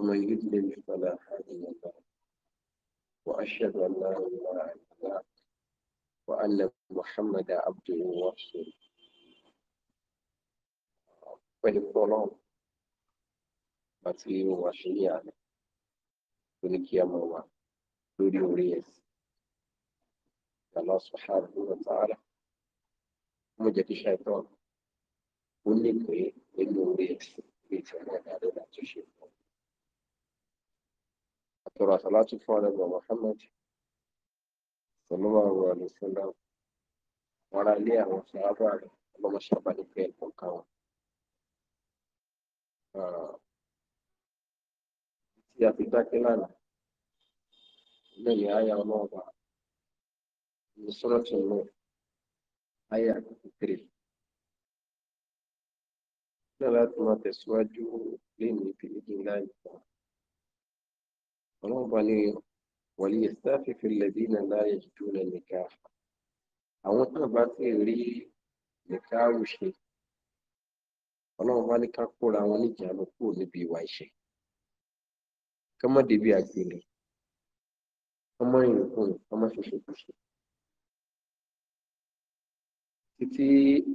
ومن يدلل فلا هادي له واشهد ان لا اله الا الله وان محمدا عبده ورسوله ولكلهم بصير وشيعا ولكي يموا دوري وريس الله سبحانه وتعالى مجد الشيطان ولكي يموا ريس في سنه هذا لا تشركوا tọrọ àsàlátù fún àdàgbà Muhammad sallallahu alaihi wasallam wọn ara ilé àwọn sàábà rẹ ọlọmọṣẹ abánífẹ ah, ẹkọọka wọn. tí a fi dákẹ́ lánàá ilé ìyá ayá ọlọ́ọ̀bà ní sọ́nàtì ọlọ́ọ̀ ayá kékeré. náà láti máa tẹ̀síwájú lẹ́nu ìpínlẹ̀ gíga ìgbà ọlọ́run bá ní walyastafifi alladhina la yajiduna nikaha àwọn tó bá ti rí nìkáàrù ṣe ọlọ́run bá ní ká kóra wọn níjàánu kúrò níbi ìwà ìṣe ká má débi àgbèrè ká má rìn kùnrin ká má ṣe ṣekúṣe títí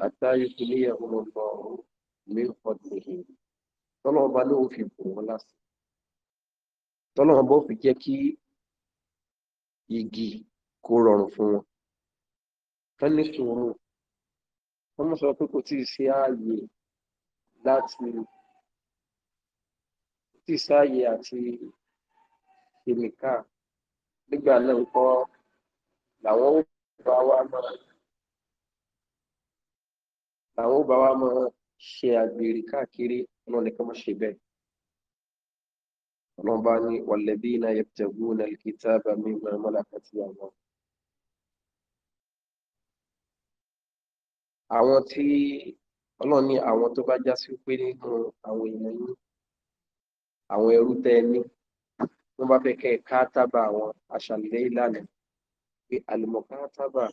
àtàyùkú níyàwó lọ́wọ́ mi ń fọdún yìí tọ́lọ́ọ̀bá lóun fi bò wọ́n lásìkò tọ́lọ́run bó fi jẹ́ kí igi kó rọrùn fún wọn tán ní sùúrù wọ́n mọ̀ sọ pé kò tí ì sí ààyè láti tí ì sáàyè àti ìmìkà nígbà náà ń kọ́ làwọn ó bá wa máa làwọn ó bá wa máa ṣe àgbèrè káàkiri ọ̀nà nìkan mọ̀ ṣe bẹ́ẹ̀ ọlọ́ba ní wàlẹ́bíínà yabtaguna alkitaba mimma malakat yàmọ́. àwọn tí ọlọ́run ní àwọn tó bá já sí pé nínú àwọn èèyàn yín àwọn ẹrú tẹ́ ẹ ní wọ́n bá fẹ́ kẹ́ ẹ káátábà àwọn aṣàlẹ̀ ìlànà pé àlùmọ̀káátábà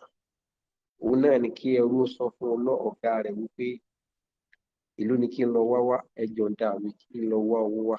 òun náà ni kí ẹrú sọ fún ọlọ́ ọ̀gá rẹ̀ wípé ìlú ni kí n lọ wá wá ẹjọ́ dàrú kí n lọ wá owó wá.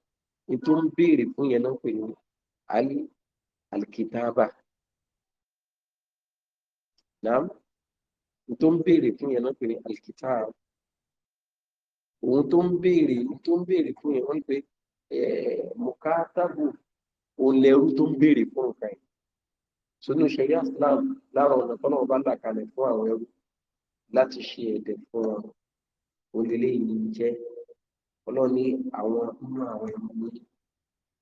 tó ń béèrè fún yẹn náà pè ní alí alikitaba naam tó ń béèrè fún yẹn náà pè ní alikitaba òun tó ń béèrè tó ń béèrè fún yẹn wọ́n pe mukatabu òun lẹ́rú tó ń béèrè fún nǹkan yìí sínú ṣẹ̀ríà Islam lára ọ̀nà tọ́nà ọba là kalẹ̀ fún àwọn ẹrú láti ṣe ẹ̀dẹ̀ fún wọn òun lè léyìn jẹ́ ọlọ́run ní àwọn nínú àwọn ẹ̀mí ní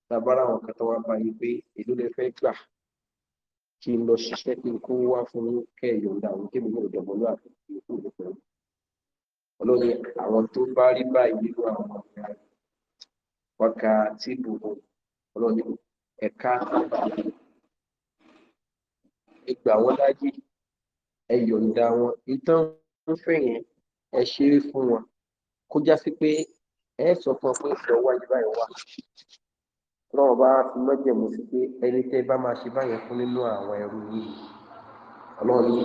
lábára àwọn kan tó wá bá yín pé èló lè fẹ́ gbà kí n lọ ṣiṣẹ́ kí n kó wá fún kẹ́ ẹ̀ yọ̀ǹda àwọn kébì náà dọ̀bọ̀ ló àfi ìyókù ló pẹ̀lú ọlọ́run ní àwọn tó bá rí báyìí nínú àwọn ọ̀gá wákà tí bùbù ọlọ́run ní ẹ̀ka ẹgbà wọn láyé ẹ wọn ìtàn ń fẹ̀yìn ṣeré fún wọn kó já sí pé ẹ sọ fún ọ pé ìfẹ́ wá yìí báyìí wá lọ́wọ́ bá fi mọ́jẹ̀mú sí pé ẹni tẹ́ bá máa ṣe báyẹn fún nínú àwọn ẹrú yìí ọlọ́run ní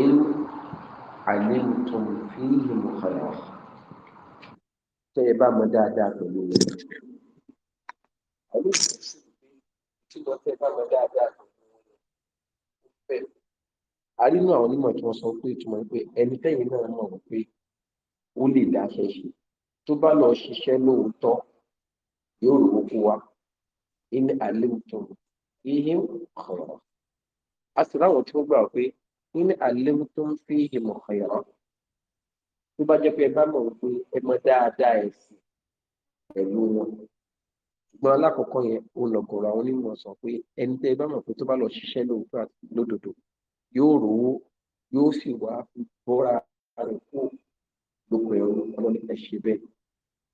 in alimtum fihim khayra tẹ́ ẹ bá mọ dáadáa pẹ̀lú rẹ̀ àrínú àwọn onímọ̀ tí wọ́n sọ pé ìtumọ̀ pé ẹni tẹ́yìn náà mọ̀ wípé ó lè dá ṣe tó bá lọ ṣiṣẹ́ lóòótọ́ yóò rówó kó wa ní àléwùtò ihe ọ̀rọ̀ a sì ráwọn tí wọ́n gbà pé ní àléwùtò ń fi ìmọ̀ ọ̀yọ́ tó bá jẹ́ pé ẹ bá mọ̀ pé ẹ mọ dáadáa ẹ̀sìn pẹ̀lú wọn ṣùgbọ́n alákọ̀ọ́kọ́ yẹn ó àwọn onímọ̀ sọ pé ẹni tẹ́ ẹ bá mọ̀ pé tó bá lọ ṣiṣẹ́ lóòótọ́ lódodo yóò rówó yóò sì wá bọ́ra rẹ̀ kó lóko ẹ̀rọ ọlọ́ni ẹ̀ ṣe bẹ́ẹ̀.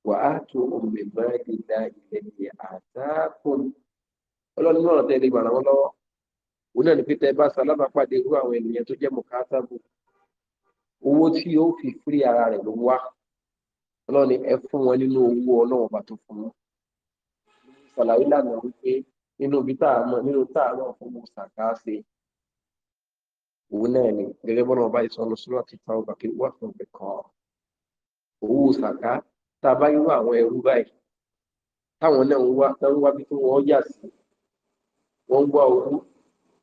وآتوا من مال الله الذي آتاكم ọlọ́run náà tẹ́ lè gbà ràn wọ́n lọ́wọ́ òun náà ní pété bá sálábà pàdé irú àwọn ènìyàn tó jẹ́ mọ̀kátàbù owó tí ó fi fírí ara rẹ̀ ló wá ọlọ́run ẹ fún wọn nínú owó ọlọ́run bá tó fún wọn sàlàyé lànà wípé nínú ibi tá a mọ nínú tá a mọ fún mo sàká ṣe òun náà ni gẹ́gẹ́ bọ́lá ọba ìsọ̀nù sọ́lá ti ta ọgbà kí wọ́n fún mi kàn owó sàká tá a bá irú àwọn ẹrú báyìí táwọn náà ń wá náà ń wá bí kí wọ́n yà sí wọ́n ń wá owó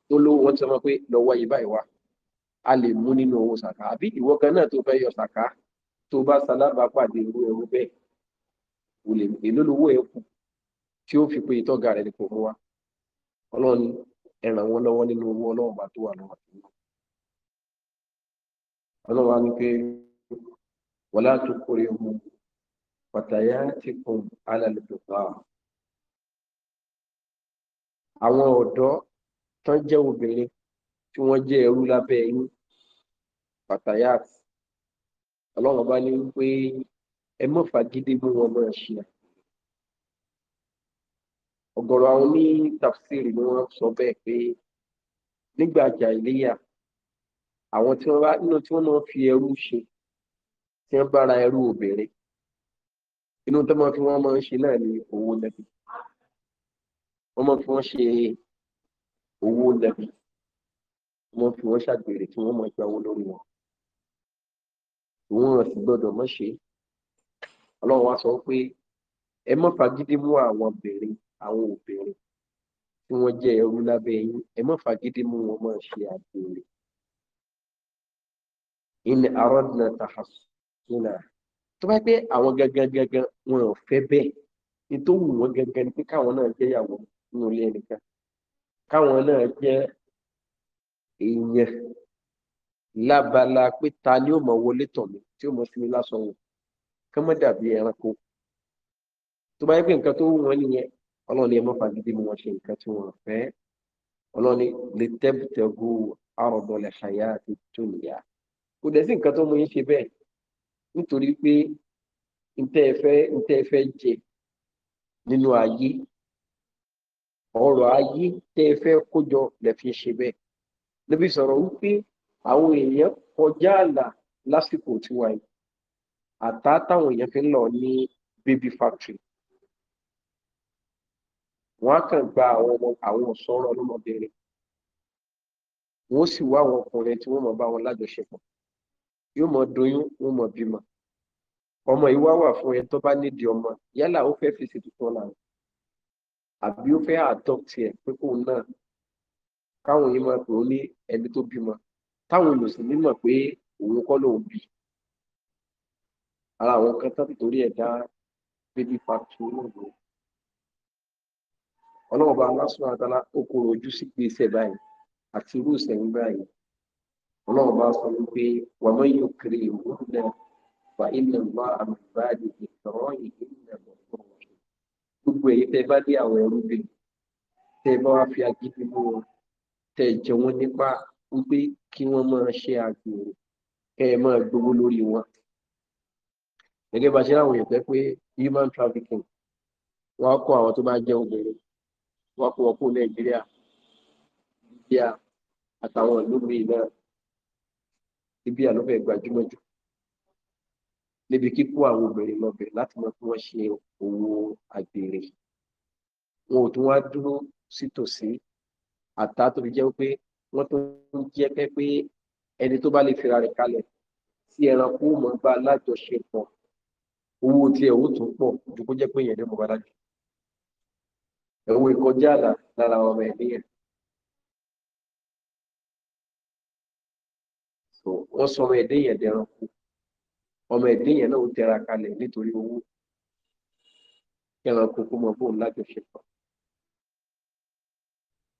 tó lówó wọ́n ti sọ pé lọ́wọ́ yìí báyìí wá a lè mú nínú owó sàká àbí ìwọ kan náà tó fẹ́ yọ sàká tó bá salábàápàdé irú ẹrú bẹ́ẹ̀ kò lè èló lówó ẹ kù tí ó fi pé ìtọ́ga rẹ̀ kò mú wa ọlọ́run ẹ ràn wọ́n lọ́wọ́ nínú owó ọlọ́run bá tó wà lọ́wọ́ ọlọ́run á ní pé wọ́n látòkórè ohun fatayatikum alalùbá àwọn ọ̀dọ́ tó jẹ́ obìnrin tí wọ́n jẹ́ ẹrú lábẹ́ yín fatayat ọlọ́run bá ní wípé ẹ mọ̀ fagídé mú wọn mọ́ ṣe ọ̀gọ̀rọ̀ àwọn ní tafsiri ni wọ́n sọ bẹ́ẹ̀ pé nígbà jàìlíyà àwọn tí wọ́n bá nínú tí wọ́n náà fi ẹrú ṣe tí wọ́n bára ẹrú obìnrin inú tó máa fi wọ́n máa ń ṣe náà ni owó lẹ́bi wọ́n máa fi wọ́n ṣe owó lẹ́bi wọ́n máa fi wọ́n ṣàgbèrè tí wọ́n máa gba owó lórí wọn òun rẹ̀ gbọ́dọ̀ mọ́ ṣe ọlọ́run wá sọ pé ẹ má fagídí mú àwọn obìnrin àwọn obìnrin tí wọ́n jẹ́ ẹrú lábẹ́ yín ẹ má fagídí mú wọn máa ṣe àgbèrè in aradna tahassuna tó bá pé àwọn gangan gangan wọn ò fẹ́ bẹ́ẹ̀ ní tó wù wọ́n gangan ni pé káwọn náà jẹ́ ìyàwó nínú ilé ẹnìkan káwọn náà jẹ́ èèyàn lábala pé ta ni ó mọ wọlé tọ̀ mí tí ó mọ fi mi lásán wò kán mọ́ dàbí ẹranko tó bá yẹ nǹkan tó wù wọ́n nìyẹn ọlọ́run ni ẹ mọ́ fagídí mi wọ́n ṣe nǹkan tí wọ́n fẹ́ ọlọ́run ni lè tẹ́bùtẹ́gù àròdọ̀lẹ̀ ṣàyà àti tòlìyà kò dẹ̀ sí nǹkan tó mú yín ṣe bẹ́ẹ̀ nítorí pé ntẹ́ ẹ fẹ́ ntẹ́ ẹ fẹ́ jẹ nínú ayé ọrọ̀ ayé tẹ́ ẹ fẹ́ kójọ lẹ fi ṣe bẹ́ẹ̀ níbi sọ̀rọ̀ wípé àwọn èèyàn kọjá àlà lásìkò tiwa yìí àtá táwọn èèyàn fi ń lọ ní baby factory wọn á kàn gba àwọn ọmọ àwọn ọ̀sọ́rọ̀ ọlọ́mọbìnrin wọn ó sì wá àwọn ọkùnrin tí wọ́n mọ̀ bá wọn lájọṣepọ̀ yóò mọ̀ doyún wọ́n mọ̀ bímọ ọmọ yìí wá wà fún ẹ tó bá nídìí ọmọ yálà ó fẹ́ fi ṣètò fún ọ̀la àbí ó fẹ́ adopt ẹ pé kóun náà káwọn yìí máa pè ó ní ẹni tó bímọ táwọn olùsìn nímọ̀ pé òun kọ́ lòun bí ara àwọn kan tán torí ẹ̀ dá bébí factory náà lọ ọlọ́ọ̀bá lásán àtàlà okòrò ojú sí gbèsè báyìí àti irú ìsẹ̀yìn báyìí ọlọ́ọ̀bá sọ wípé wàmọ́ yóò kiri ìwúrú náà. فإن الله من بعد إكرامهم لغفور رحيم gbogbo èyí tẹ bá dé àwọn ẹrú bẹ tẹ bá wá fi agídí mú wọn tẹ jẹ wọn nípa wípé kí wọn máa ṣe àgbèrè kẹ ẹ máa gbowó lórí wọn gẹ́gẹ́ bá ṣe láwọn èèyàn pẹ pé human trafficking wọn kó àwọn tó bá jẹ obìnrin wọn kó wọn kó nàìjíríà libya àtàwọn ìlú míì náà libya ló gbajúmọ̀ jù níbi kíkó àwọn obìnrin lọ́bẹ̀ láti mọ bí wọ́n ṣe owó àgbèrè wọn ò tún wá dúró sítòsí àtà tó fi jẹ́ pé wọ́n tó ń jẹ́ pé ẹni tó bá lè fira rẹ̀ kalẹ̀ tí ẹranko mọ̀ bá lájọṣepọ̀ owó tiẹ̀ ó tún pọ̀ ju kó jẹ́ pé yẹn ní mo bá dájú ẹ̀wọ̀n ìkọjá àlà lára ọmọ ẹ̀ níyẹn. wọ́n sọ ọmọ ẹ̀dẹ́yẹ̀dẹ̀ ẹranko ọmọ ẹ̀dẹ́ yẹn náà ó tẹra kalẹ̀ nítorí owó kẹran kókó mọ bóun lájọṣepọ̀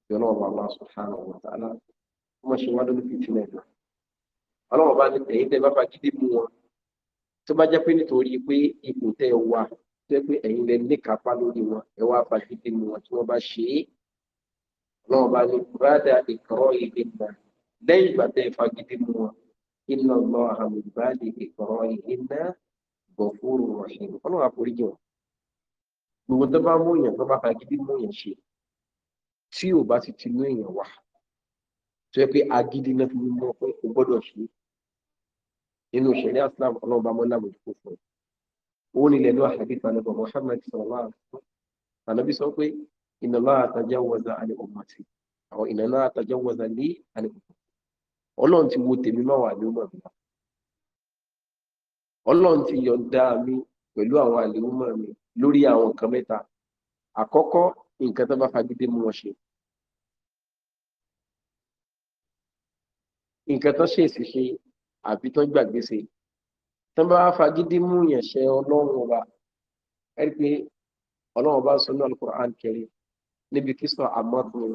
ìyọ́nà ọba Allah subhanahu wa ta'ala wọ́n ṣe wá lórí fìtínà ẹ̀dọ́ ọlọ́wọ́n bá ní ẹ̀yin tẹ́ bá fagídí mú wọn tó bá jẹ́ pé nítorí pé ipò tẹ́ ẹ wà tó yẹ pé ẹ̀yin lẹ níkàápá lórí wọn ẹ wá fagídí mú wọn tí wọ́n bá ṣe é ọlọ́wọ́n bá ní bùrádà ìkọ́rọ́ ìdè náà ìgbà tẹ́ ẹ fagídí mú wọn inna Allaha min ba'di ikrahihinna ghafurur rahim ọlọ́run àforíjì wọn gbogbo tó bá mú èèyàn tó bá fa gidi mú èèyàn ṣe tí ò bá ti ti mú èèyàn wá tó yẹ pé agídí náà fi mú pé o gbọ́dọ̀ ṣe nínú ìṣẹ̀lẹ̀ Islam ọlọ́run bá mọ́ lámòjú kó fún ọ òun ilẹ̀ náà àṣàbí ìtànàbọ̀ Muhammad sọ̀rọ̀ ànábì sọ pé inna Allaha tajawaza àlẹ́ ọmọ àti àwọn inna Allaha tajawaza lé àlẹ́ ọmọ ọlọ́run ti wo tèmi máa wà ní ọmọ mi ọlọ́run ti yọ̀ǹda mi pẹ̀lú àwọn àlèhùnmọ́ mi lórí àwọn nǹkan mẹ́ta àkọ́kọ́ nǹkan tó bá fagídé mú wọn ṣe nǹkan tó ṣèèsì ṣe àbí tó gbàgbé ṣe tó bá fagídé mú yàn ọlọ́run ọba ẹ rí i pé ọlọ́run ọba sọ ní Al-Qur'an níbi kí sọ àmọ́ tó ń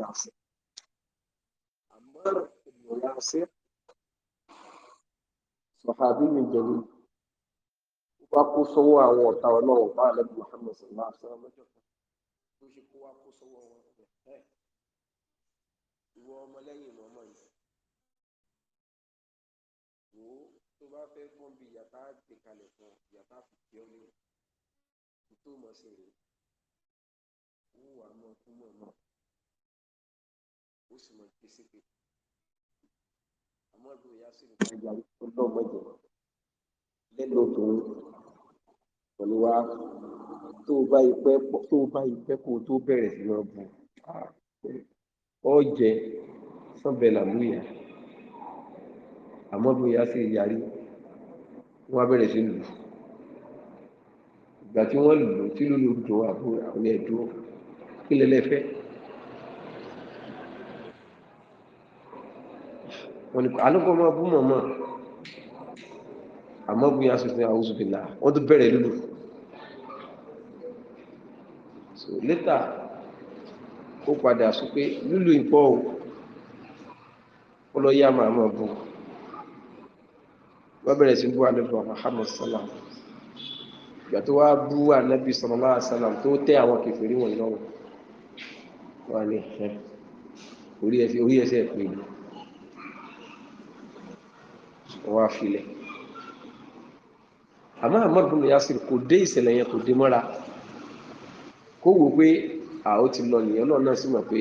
مناصر صحابي جليل wá kó sọ́wọ́ àwọn ọ̀tá ọlọ́run bá alẹ́bí muhammed sallallahu alaihi wa sallam lọ́jọ́ kan tó ṣe kó wá kó sọ́wọ́ wọn ẹ̀ ìwọ ọmọlẹ́yìn mọ́mọ́ yìí wò ó tó bá fẹ́ gbọ́n bí yàtá gbé kalẹ̀ fún ọ yàtá fi kí ọ léwu kò tó mọ̀ sí rèé ó wà á mọ̀ fún mọ̀ náà ó sì mọ̀ gbèsè pé amadu yasiru kọjá ọlọmọdé lẹnu tòun pẹ̀lú wa tó bá ipẹ tó bá ipẹ kó tó bẹ̀rẹ̀ sí máa bu ọjẹ sọbẹ làmúyà amadu yasiru yarí wọn bẹ̀rẹ̀ sí lù ìgbà tí wọn lù tí lólu dùn àbúrò àwọn ẹdùn kí lẹlẹfẹ. wọn ni alókọ́ máa bú mọ̀mọ́ àmọ́ bu yà sọ̀tún àwùjọ bìlà wọ́n tó bẹ̀rẹ̀ lulu so later ó padà sọ pé lulu ìpọ́ o ó lọ yá màá máa bù wọ́n bẹ̀rẹ̀ sí bú àlejò Muhammad salam ìgbà tó wá bú ànábì sallallahu alaihi wasallam tó tẹ àwọn kèfèrí wọn lọ́wọ́ wọn ni orí ẹsẹ̀ orí ẹsẹ̀ pè é wọ́n á filẹ̀ àmọ́ Ammar bin Yasir kò dé ìṣẹ̀lẹ̀ yẹn kò dé mọ́ra kó wò pé àwọn ti lọ nìyẹn náà náà sì mọ̀ pé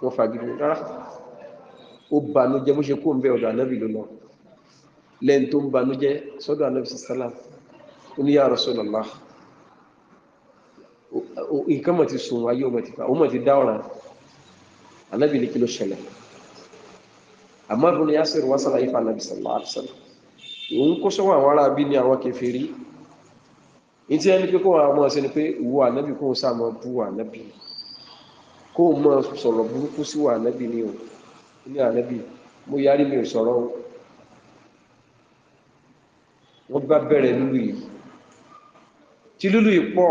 wọ́n fagídí rárá ó banújẹ́ bó ṣe kó ń bẹ ọ̀dọ̀ anábì ló lọ lẹ́yìn tó ń banújẹ́ sọ́dọ̀ anábì sàlám ó ní ya Rasulullah nǹkan mọ̀ ti sùn ayé ọmọ ti fa ọmọ ti dá ọ̀ràn anábì ní kí ló ṣẹlẹ̀ Ammar ibn Yasir wọ́n sàlàyé fún anabi sallallahu alaihi wasallam òun kó sọ́wọ́ àwọn ará bí ní àwọn kèfèrí ní tí ẹni pé kó àwọn ọmọ ọ̀sẹ̀ ni pé wo ànábì kó sá mọ́ bú ànábì kó mọ́ sọ̀rọ̀ burúkú sí wà ànábì ni o ní ànábì mo yarí mi ò sọ̀rọ̀ o wọ́n bá bẹ̀rẹ̀ lulu yìí tí lulu yìí pọ̀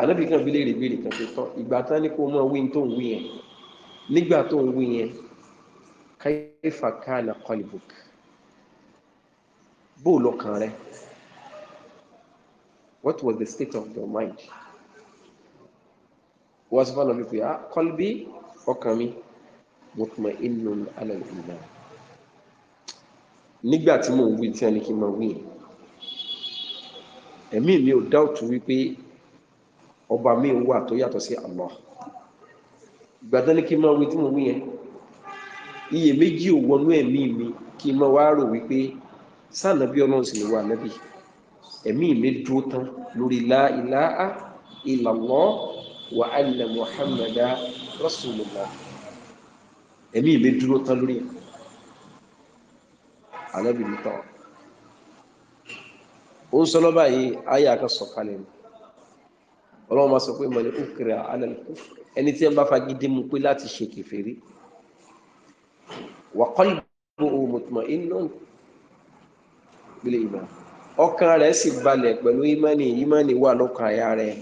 ànábì kan bí léèrè béèrè kan tó tán ìgbà tán ni kó mọ́ wí tó ń wí yẹn nígbà tó ń wí yẹn kaifa kana qalbuk bó lọ́kàn rẹ what was the state of your mind Was sọ of wípé ah qalbi ọkàn mi mutma'innun ala al-iman nígbà tí mò ń wí tí a ní kí n máa wí ẹ̀mí mi ò dáùtù wípé ọba mi wà tó yàtọ̀ sí Allah ìgbà tí a ní kí mo wí yẹn iyèméjì ò wọnú ẹ̀mí mi kí n máa wá rò wípé sànàbí ọlọ́run sì ni wà nábì ẹ̀mí mi dúró tán lórí la ilaha illallah wa anna muhammada rasulullah ẹ̀mí mi dúró tán lórí ẹ̀ ànábì mi tán ó ń sọ lọ́ba yìí ayé àkàsọ̀ kalẹ̀ ni ọlọ́run máa sọ pé mọ̀ ní àlẹ́ ẹni tí ẹ bá fagídé mu pé láti ṣe kèfèrí waqalbuhu mutma'innun bil iman ọkàn rẹ̀ sì balẹ̀ pẹ̀lú ìmánì ìmánì wà lọ́kàn àyà rẹ̀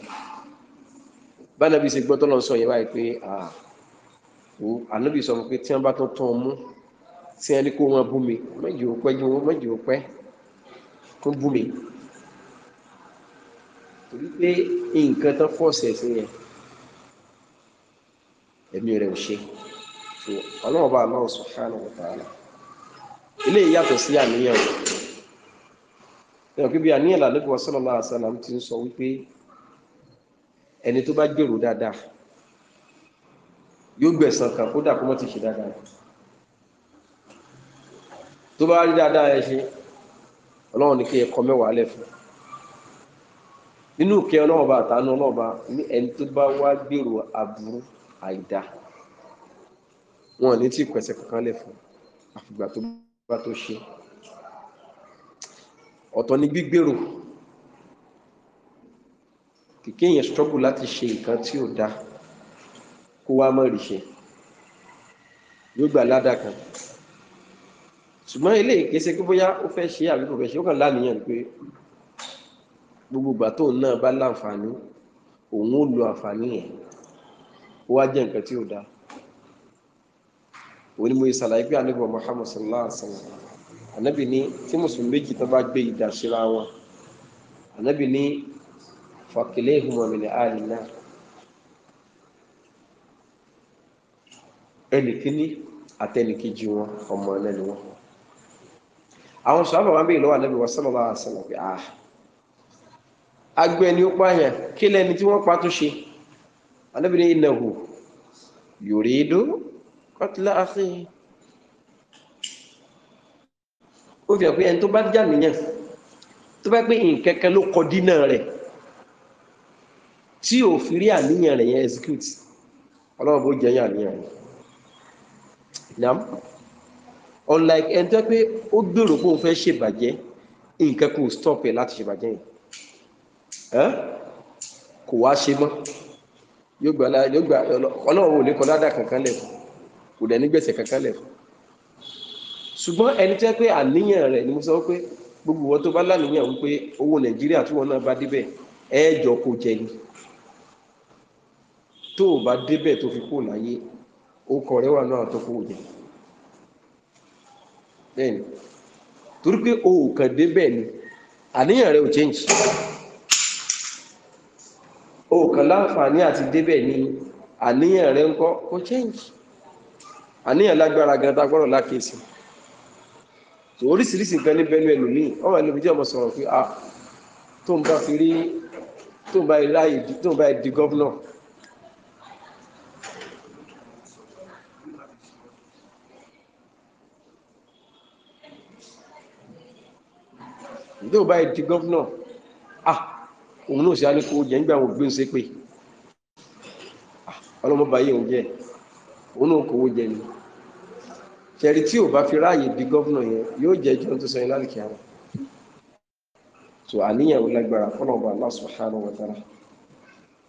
bánabi ṣe gbọ́tọ́ lọ sọ yẹn báyìí pé ànábì sọ fún pé tí wọ́n bá tó tán mú tí wọ́n kó wọ́n bú mi mẹ́jọ pẹ́ jù wọ́n mẹ́jọ pẹ́ tó bú mi torí pé nǹkan tán fọ́ọ̀sì ẹ̀sìn yẹn ẹ̀mí rẹ̀ ò ṣe so ọlọ́run bá Allah subhanahu wa ta'ala ilé ìyàtọ̀ sí àníyàn ẹ̀yàn kíbi àníyàn làlẹ́bí wa sallallahu alaihi wasallam ti ń sọ wípé ẹni tó bá gbèrò dáadáa yóò gbẹ̀sán kan kódà kó mọ́ ti ṣe dáadáa tó bá rí dáadáa ẹ ṣe ọlọ́run ní kí ẹ kọ mẹ́wàá lẹ̀ fún nínú ìkẹ́ ọlọ́run bá àtàánú ọlọ́run bá ẹni tó bá wá gbèrò aburú àìdáa wọn ò ní tí pẹ̀sẹ̀ kankan lẹ̀ fún àfìgbà tó bá tó ṣe ọ̀tọ̀ ni gbígbèrò kìkì yẹn struggle láti ṣe nǹkan tí ò dáa kó wá mọ̀ rí yóò gbà ládàá kan ṣùgbọ́n eléyìí kìí ṣe pé bóyá ó fẹ́ ṣe àbí kò fẹ́ ṣe ó kàn láníyàn pé gbogbo ìgbà tóun náà bá láǹfààní òun ó lo àǹfààní yẹn ó wá jẹ́ nǹkan tí ò dáa òun ni mo yẹ ṣàlàyé pé ànábì wa Muhammad sallallahu alaihi wa sallam ànábì ní tí mùsùlùmí méjì tó bá gbé ìdà síra wọn ànábì ní fakilayhuma min ahli an-nar ẹnìkíní àtẹnìkejì wọn ọmọ ẹlẹ́ni wọn àwọn sọ́ọ́bà wọn bèèrè lọ́wọ́ ànábì wa sallallahu alaihi wa pé ah agbẹ́ ni ó pààyàn kí lẹ́ni tí wọ́n pa tó ṣe ànábì ní innahu yuridu kọ́tílá àfihàn ó fi hàn pé ẹni tó bá jà níyàn tó bá pé nkẹ́kẹ́ ló kọ dínà rẹ̀ tí ò fi rí àníyàn rẹ̀ yẹn execute ọlọ́run bó jẹ́ yàn àníyàn unlike ẹni tó pé ó gbèrò pé òun fẹ́ ṣèbàjẹ́ nǹkan kò stop ẹ̀ láti ṣèbàjẹ́ yìí kò wá ṣe mọ́ yóò gbà ọlọ́run ò lè kọ́ kankan lẹ́kọ̀ọ́ kò dẹ̀ ní gbèsè kankan lẹ̀ fún ṣùgbọ́n ẹni tẹ́ pé àníyàn rẹ̀ ni mo sọ pé gbogbo wọn tó bá lánìyàn wípé owó nàìjíríà tí wọn náà bá débẹ̀ ẹ jọ kó jẹ ni tó o bá débẹ̀ tó fi kó láyé ó kọ rẹ wà náà tó kó jẹ bẹ́ẹ̀ni torí pé o ò kàn débẹ̀ ni àníyàn rẹ ò change o kàn láǹfààní àti débẹ̀ ni àníyàn rẹ ń kọ́ kò change àníyàn lágbára gan tá a gbọ́dọ̀ lákèésì tó oríṣiríṣi nǹkan níbẹ̀ ní ẹlòmíì wọ́n wà lóbi tí ọmọ sọ̀rọ̀ pé a ah, tó ń bá fi rí tó ń bá rí láàyè tó ń bá di gọ́vnọ̀ tó ń bá di gọ́vnọ̀ a ah, òun náà ṣe á ní kó jẹ́ nígbà wọn gbé ń ṣépè ah, ọlọ́mọba yìí òun jẹ́ ẹ̀ òun náà kówó jẹ ni ṣẹ̀rí tí ò bá fi ráàyè di gọ́vnà yẹn yóò jẹ́ jọ́ tó sọ yẹn lálùkì àwọn so àníyàn ò lágbára fọlọ́ọ̀bà Allah subhanahu wa ta'ala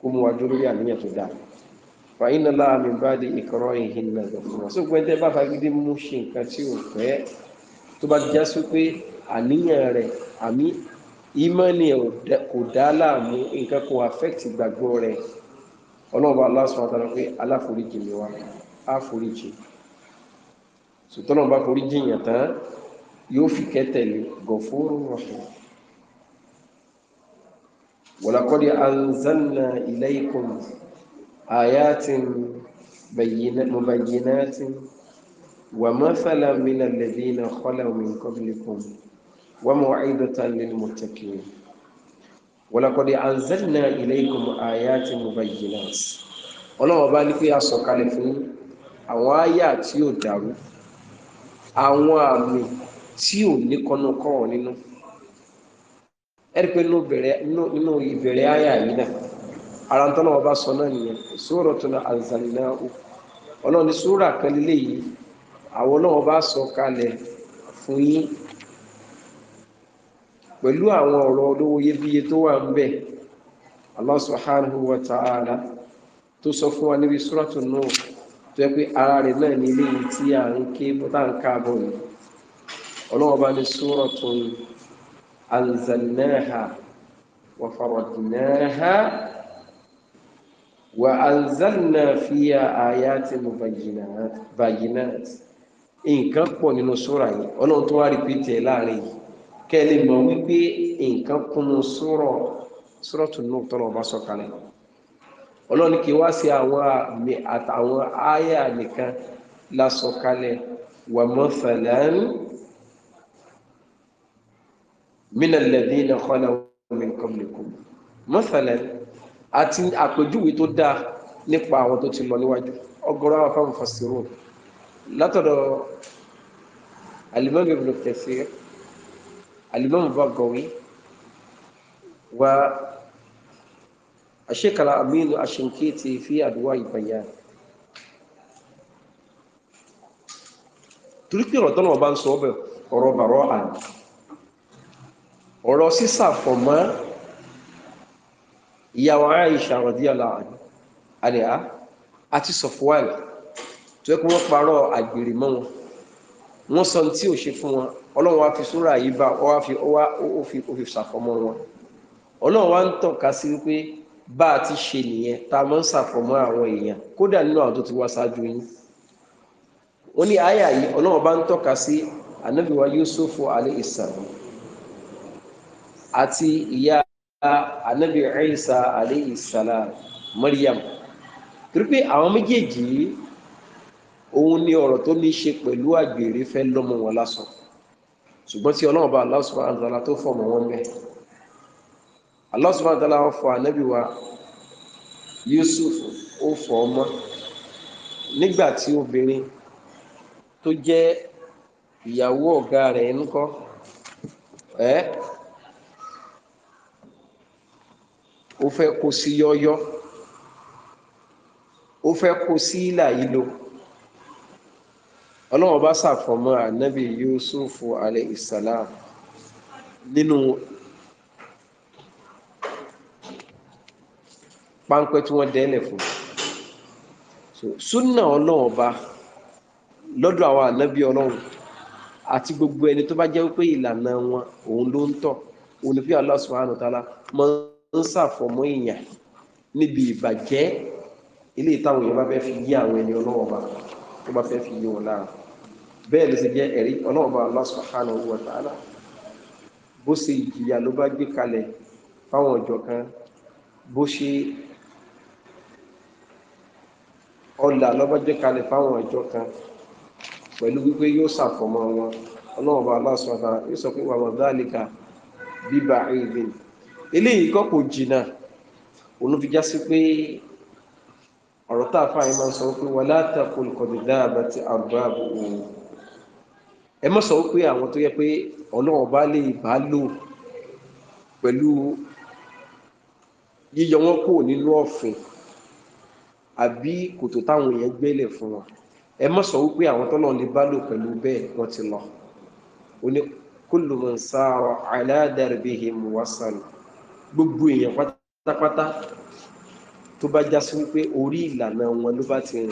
kó mú wa dúró àníyàn tó dáa fàyín náà láàmì bá di ìkọrọ ìhìn náà lọ fún wa so gbẹdẹ bá fagídé mú ṣe nǹkan tí ò fẹ́ tó bá já sí pé àníyàn rẹ̀ àmì ìmọ̀ni kò dá láàmú nǹkan kò affect ìgbàgbọ́ rẹ̀ ọlọ́ọ̀bà Allah subhanahu pé aláforíjì mi wá àforíjì sùtọ́nà bá forí jìyàn tán yóò fi kẹtẹ̀lé gọ̀fóró rọ̀hìn wọ̀làkọ́dí anzanna ilaykum ayatin mubayyinatin wa mathala min alladhina khalaw min qablikum wa maw'idatan lil muttaqin wọ̀làkọ́dí anzanna ilaykum ayatin mubayyinatin ọlọ́wọ́ bá ní pé a sọ̀kalẹ̀ fún àwọn àyà tí ò dàrú àwọn àmì tí ò ní kọ́nukọ́rọ̀ nínú ẹ̀rí pé nínú ìbẹ̀rẹ̀ àyà yìí náà ara ń tọ́nà ọba sọ náà nìyẹn na anzalnahu ọ̀nà ní sóòrà kan lílé yìí àwọn náà bá sọ kalẹ̀ fún yín pẹ̀lú àwọn ọ̀rọ̀ olówó tó wà ń bẹ̀ tó sọ fún wa níbi tó yẹ pé ara rẹ̀ náà ní ilé yìí tí à ń ké bọ́tà ń káàbọ̀ ni ọlọ́wọ́ bá ní suratun anzalnaha wa faradnaha wa anzalna fiya ayatin mubayyinat nǹkan pọ̀ nínú sóra yìí ọlọ́run tó wá rí pé láàrin yìí kẹ́ mọ̀ wípé nǹkan kúnnú sórọ̀ tó nù tọ́lọ̀ bá sọ̀kalẹ̀ yìí ọlọ́run kì í wá sí àwọn àmì àtàwọn àyà nìkan lásọ̀kalẹ̀ wà mathalan minal ladhina khalu min qablikum mathalan àti àpèjúwe tó dáa nípa àwọn tó ti lọ níwájú ọ̀gọ̀rọ̀ àwọn afáwọn fàṣírò látọ̀dọ̀ alimami ibn Kathir alimami bagawi wa. الشيخ الأمين الشنكيتي في أدواء البيان torí pé ọ̀rọ̀ tọ́lọ́wọ́ bá ń sọ ọbẹ̀ ọ̀rọ̀ bàrọ̀ àná ọ̀rọ̀ sísàfọ̀mọ́ ìyàwó Aisha radiyallahu anha àti Safwan tó yẹ kí wọ́n parọ́ àgbèrè mọ́ wọn wọ́n sọ tí ò ṣe fún wọn ọlọ́run wá fi súrà yìí bá ó fi ṣàfọ̀mọ́ wọn ọlọ́run wá ń tọ́ka sí wípé bá a ti ṣe nìyẹn tá a máa ń ṣàfọ̀mọ́ àwọn èèyàn kódà nínú àwọn tó ti wá ṣáájú yín wọ́n ní àyà yìí ọlọ́run bá ń tọ́ka sí anabiwa yusufu alayhi salam àti ìyá anabi isa alayhi salam maryam torí pé àwọn méjèèjì yìí òun ni ọ̀rọ̀ tó ní í ṣe pẹ̀lú àgbèrè fẹ́ lọ́mọ wọn lásán ṣùgbọ́n tí ọlọ́run bá aláṣọ àǹtàlá tó fọ̀mọ́ wọn bẹ́ẹ̀ Allah subhanahu wa ta'ala wọn fọ ànábì wa Yusuf ó fọ ọmọ nígbà tí obìnrin tó jẹ́ ìyàwó ọ̀gá rẹ̀ ń kọ́ ẹ́ ó fẹ́ kó sí yọ́yọ́ ó fẹ́ kó sí ìlà ìlò ọlọ́wọ́n bá ṣàfọ̀mọ́ ànábì Yusuf alayhi salam nínú páńpẹ́ tí wọ́n dẹ́lẹ̀ fún súnà ọlọ́run ọba lọ́dọ̀ àwọn ànábì ọlọ́run àti gbogbo ẹni tó bá jẹ́ wípé ìlànà wọn òun ló ń tọ̀ òun ni pé Allah subhanahu wa ta'ala máa ń ṣàfọ̀mọ́ èèyàn níbi ìbàjẹ́ ilé ìtàwọn èèyàn bá fẹ́ fi yí àwọn ẹni ọlọ́run ọba tó bá fẹ́ fi yí wọn lára bẹ́ẹ̀ ló ṣe jẹ́ ẹ̀rí ọlọ́run ọba Allah subhanahu wa ta'ala bó ṣe ìjìyà ló bá gbé kalẹ̀ fáwọn ọjọ́ kan bó ṣe ọlà lọ́bàjẹ́ kalẹ̀ fáwọn ìjọ kan pẹ̀lú wípé yóò ṣàfọ̀mọ́ wọn ọlọ́run bá aláṣọ àtà yóò sọ pé wàmọ̀ dáàlìkà bíbá ìrìn eléyìí kọ́ kò jìnnà òun fi já sí pé ọ̀rọ̀ tá a fà yín máa ń sọ pé wà látàkùn olùkọ́ni dáàbà tí àrùbá àbò ẹ mọ̀ sọ pé àwọn tó yẹ pé ọlọ́run bá lè bá lò pẹ̀lú yíyọ wọn kúrò nínú ọ̀fìn àbí kòtò táwọn èèyàn gbélẹ̀ fún wọn ẹ má sọ wípé àwọn tọ́lọ̀ lè bá lò pẹ̀lú bẹ́ẹ̀ wọ́n ti lọ ó ní kullu man sara ala darbihim wasal gbogbo èèyàn pátápátá tó bá já sí wípé orí ìlànà wọn ló bá ti rìn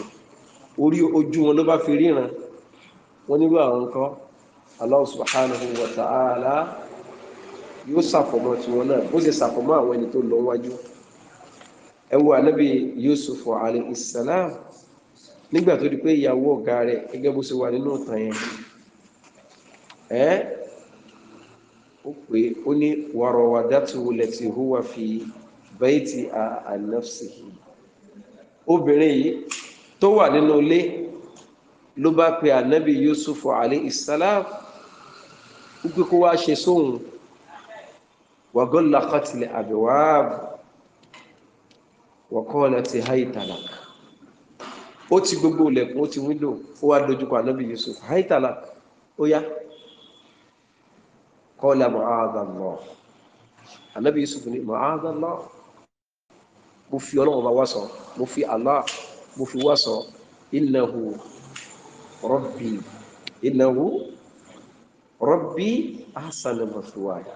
orí ojú wọn ló bá fi ríran wọn nílò àwọn nǹkan Allah subhanahu wa ta'ala yóò ṣàfọ̀mọ́ tiwọn náà ó sì ṣàfọ̀mọ́ àwọn ẹni tó lọ wájú ẹ wo ànábì Yusuf alayhi salam nígbà tó di pé ìyàwó ọ̀gá rẹ̀ gẹ́gẹ́ bó ṣe wà nínú ọ̀tàn yẹn ẹ́ ó pé ó ní wàrọ̀wàdàtù lẹ́tì húwà fi bayti ànáfsì obìnrin yìí tó wà nínú ilé ló bá pe ànábì Yusuf alayhi salam ó pé kó wá ṣe sóhun wàgọ́lá kọ́tìlẹ̀ àbẹ̀wáàbù wọ̀kọ́ọ̀lẹ̀ ti haitalak ó ti gbogbo ilẹ̀kùn ó ti wíńdò ó wá dojúkọ ànábì Yusuf haitalak ó yá kọ́ọ̀lẹ̀ mọ̀ádàlọ́ ànábì Yusuf ní mọ̀ádàlọ́ mo fi ọlọ́run bá wá sọ mo fi Allah mo fi wá sọ innahu rabbi innahu rabbi ahsana mathwaya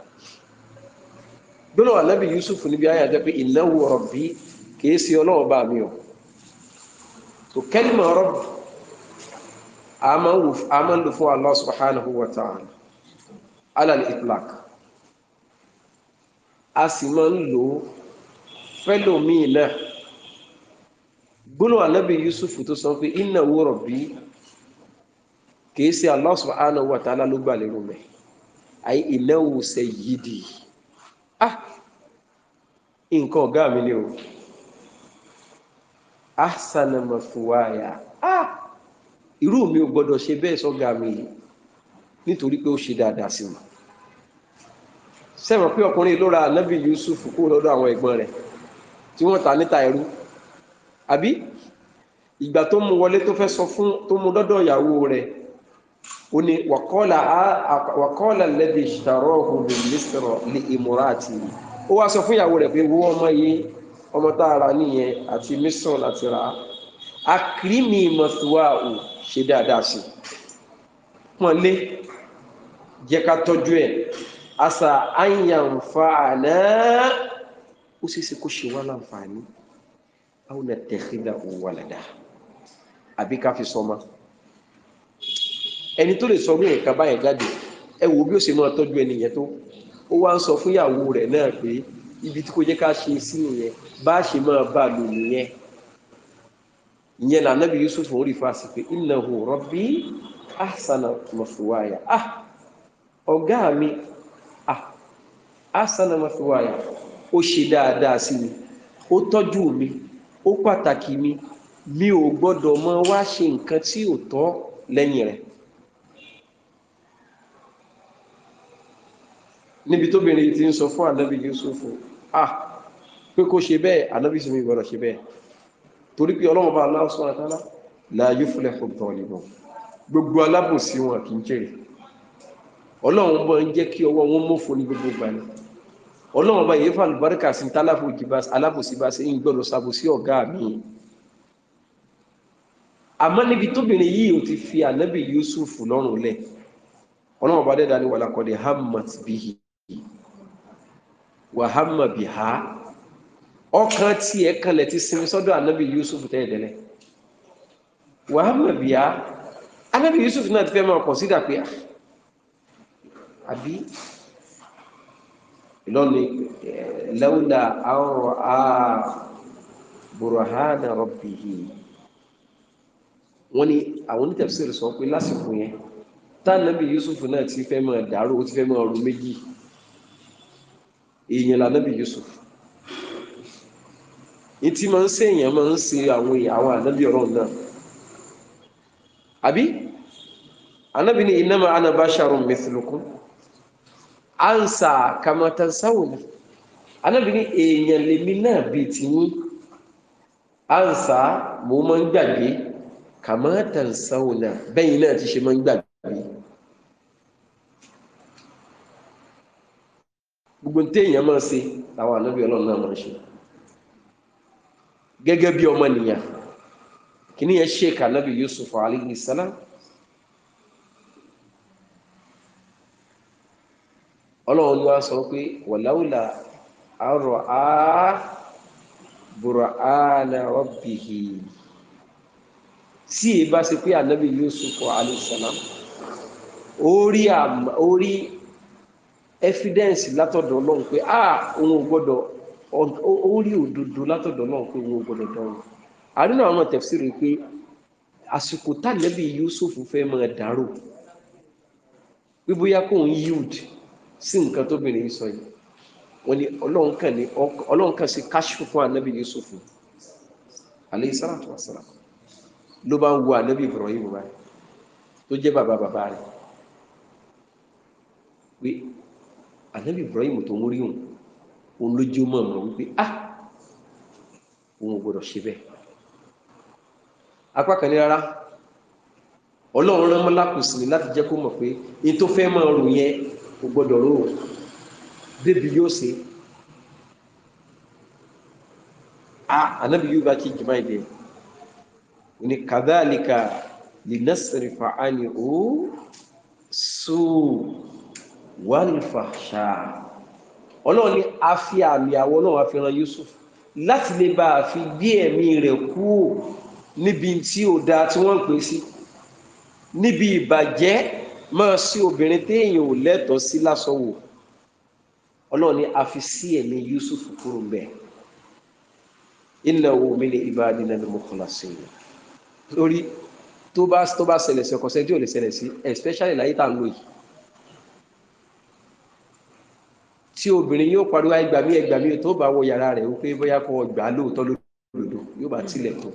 gbọ́dọ̀ ànábì Yusuf níbi ayé àjẹpé innahu rabbi kìí ṣe ọlọ́run bá mi o tó kẹ́lìmọ̀ rabb a máa ń lò fún Allah subhanahu wa ta'ala alal itlaq a sì máa ń lò fẹ́lòmíì náà gbólóhùn anábì Yusuf tó sọ pé innahu rabbi kìí ṣe Allah subhanahu wa ta'ala ló gbà lérò mẹ́ àyè innahu sayyidi ah nǹkan ọ̀gá mi ni o ahsana ah irú mi ò gbọ́dọ̀ ṣe bẹ́ẹ̀ sọ́gà mi yìí nítorí pé ó ṣe dáadáa sí mi sẹ́wọ̀n pé ọkùnrin ló ra ànábì Yusuf kúrò lọ́dọ̀ àwọn ẹ̀gbọ́n rẹ̀ tí wọ́n ta níta ẹ̀rú àbí ìgbà tó mú wọlé tó fẹ́ sọ fún tó mú dọ́dọ̀ ìyàwó rẹ̀ ó ní wàkọ́ọ̀lá lẹ́bi ìṣàrọ̀ ọ̀hún lè ìmúra àti ó wá sọ fún ìyàwó rẹ̀ pé wọ́n ọmọ yìí ọmọ tá a ra nìyẹn àti mísàn láti rà á akírímì mọ̀síwá ò ṣe dáadáa sí pọ́nlé jẹ́ ká tọ́jú ẹ̀ àṣà àyànfà àná ó sì ṣe kó ṣe wá láǹfààní àwọn ẹ̀tẹ̀kídà ò wà lẹ́dà àbí ká fi sọmọ ẹni tó lè sọ ní ẹ̀ka báyẹn jáde ẹ wo bí ó ṣe máa tọ́jú ẹni yẹn tó ó wá ń sọ fún ìyàwó rẹ̀ náà pé ibi tí kò jẹ́ ká ṣe sí nìyẹn bá a ṣe máa bá a lò nìyẹn ìyẹn là nábì Yusuf ń rí fásitì pé innahu rabbi ahsana mafuwaya ah ọ̀gá mi ah ahsana mafuwaya ó ṣe dáadáa sí mi ó tọ́jú mi ó pàtàkì mi mi ò gbọ́dọ̀ mọ́ wá ṣe nǹkan tí ò tọ́ lẹ́yìn rẹ̀ níbi tóbìnrin ti ń sọ fún ànábì Yusuf ah pé kó ṣe bẹ́ẹ̀ ànábì sí mi gbọ́dọ̀ ṣe bẹ́ẹ̀ torí pé ọlọ́run bá aláwọ̀ sọ́ra tálá la yuflihu adh-dhalimun gbogbo alábòsí wọn kì í jẹ́rìí ọlọ́run bọ́ ń jẹ́ kí ọwọ́ wọn mọ́fọ́ ní gbogbo ìgbà ni ọlọ́run bá yẹ́fà lùbáríkà sí tálábòsí bá ṣe ń gbọ́dọ̀ ṣàbòsí ọ̀gá mi àmọ́ níbi tóbìnrin yìí ò ti fi ànábì Yusuf lọ́rùn lẹ̀ ọlọ́run dẹ́dá ní wàlàkọ̀dẹ̀ hammat bihi wàhámà bìhá ọkàn tiẹ̀ kanlẹ̀ ti sinmi sọ́dọ̀ anabi yusuf tẹ́lẹ̀tẹ́lẹ̀ wàhámà bìhá anabi yusuf náà ti fẹ́ máa kọ̀nsídà pé ah, àbí ìlọ́ni eh, lẹ́wùlà àrùn a burahana rabbihi wọ́n ní àwọn onítẹ̀fẹ́sẹ̀rẹ̀ sọ pé lásìkò yẹn tá anabi yusuf náà ti fẹ́ máa dàrú ó ti fẹ́ máa ru méjì èèyàn lànàbì Yusuf ìtì máa ń ṣe èèyàn máa ń ṣe àwọn àwọn ànábì ọ̀rọ̀ náà àbí ànábì ní innama ana basharun mithlukum ansa kama tansawna ànábì ní èèyàn lèmi náà bíi tiyín ansa mo máa ń gbàgbé kama tansawna bẹ́yìn náà ti ṣe máa ń gbàgbé. gbogbo ní téèyàn máa ṣe làwọn ànábì ọlọ́run náà máa ṣe gẹ́gẹ́ bí ọmọ nìyàn kìíní yẹn sheik ànábì Yusuf alayhi salam ọlọ́run ni wọ́n sọ pé wàláwùlà àrò á bùrọ̀ á nà rabbihi tí ì pé ànábì Yusuf alayhi salam ó rí evidence látọ̀dọ̀ ọlọ́run pé a ah, òun ò gbọ́dọ̀ ó rí òdodo látọ̀dọ̀ ọlọ́run pé òun ò gbọ́dọ̀ dánwò àrínà àwọn tafsiri pé àsìkò tànẹ́bí Yusuf fẹ́ máa dárò pé bóyá kóun yield sí nǹkan tóbìnrin yìí sọ yìí wọ́n ní ọlọ́run kàn ní ọlọ́run kàn sí káṣífù fún ànábì Yusuf alayhi salatu wassalam ló bá ń wo ànábì Ibrahim báyìí tó jẹ́ bàbá bàbá rẹ̀ ànábì Ibrahim tó ń rí òun òun ló jẹ́ wípé ah òun ò gbọ́dọ̀ ṣe bẹ́ẹ̀ apá kan ní rárá ọlọ́run rán mọ́lákùsì ni láti jẹ́ kó mọ̀ pé in tó fẹ́ máa rò yẹn kò gbọ́dọ̀ rò débi yóò ṣe a ànábì yóò bá kí jùmọ̀ ìdè ní kàdáàlìkà lè nẹ́sẹ̀rẹ̀ fàánì ó sóò wàlìfàṣà ọlọ́run ní a fi àmì àwọ̀ náà fi ran Yusuf láti lè bá a fi gbé ẹ̀mí rẹ̀ kúrò níbi tí ò dáa tí wọ́n ń pè sí níbi ìbàjẹ́ máa sí obìnrin téèyàn ò lẹ́tọ̀ọ́ sí lásọ̀wò ọlọ́run ní a fi sí ẹ̀mí Yusuf kúrò bẹ́ẹ̀ innahu min ibadina al-mukhlasin lórí tó bá ṣẹlẹ̀ sí ọkọ̀ sẹ́ńtì ò lè ṣẹlẹ̀ sí especially láyé tá à ń lò yìí tí obìnrin yóò pariwo ẹgbàmí ẹgbàmí tó bá wọ yàrá rẹ̀ wípé bóyá kọ́ ọgbà lóòótọ́ lódodo yóò bá tilẹ̀ tó.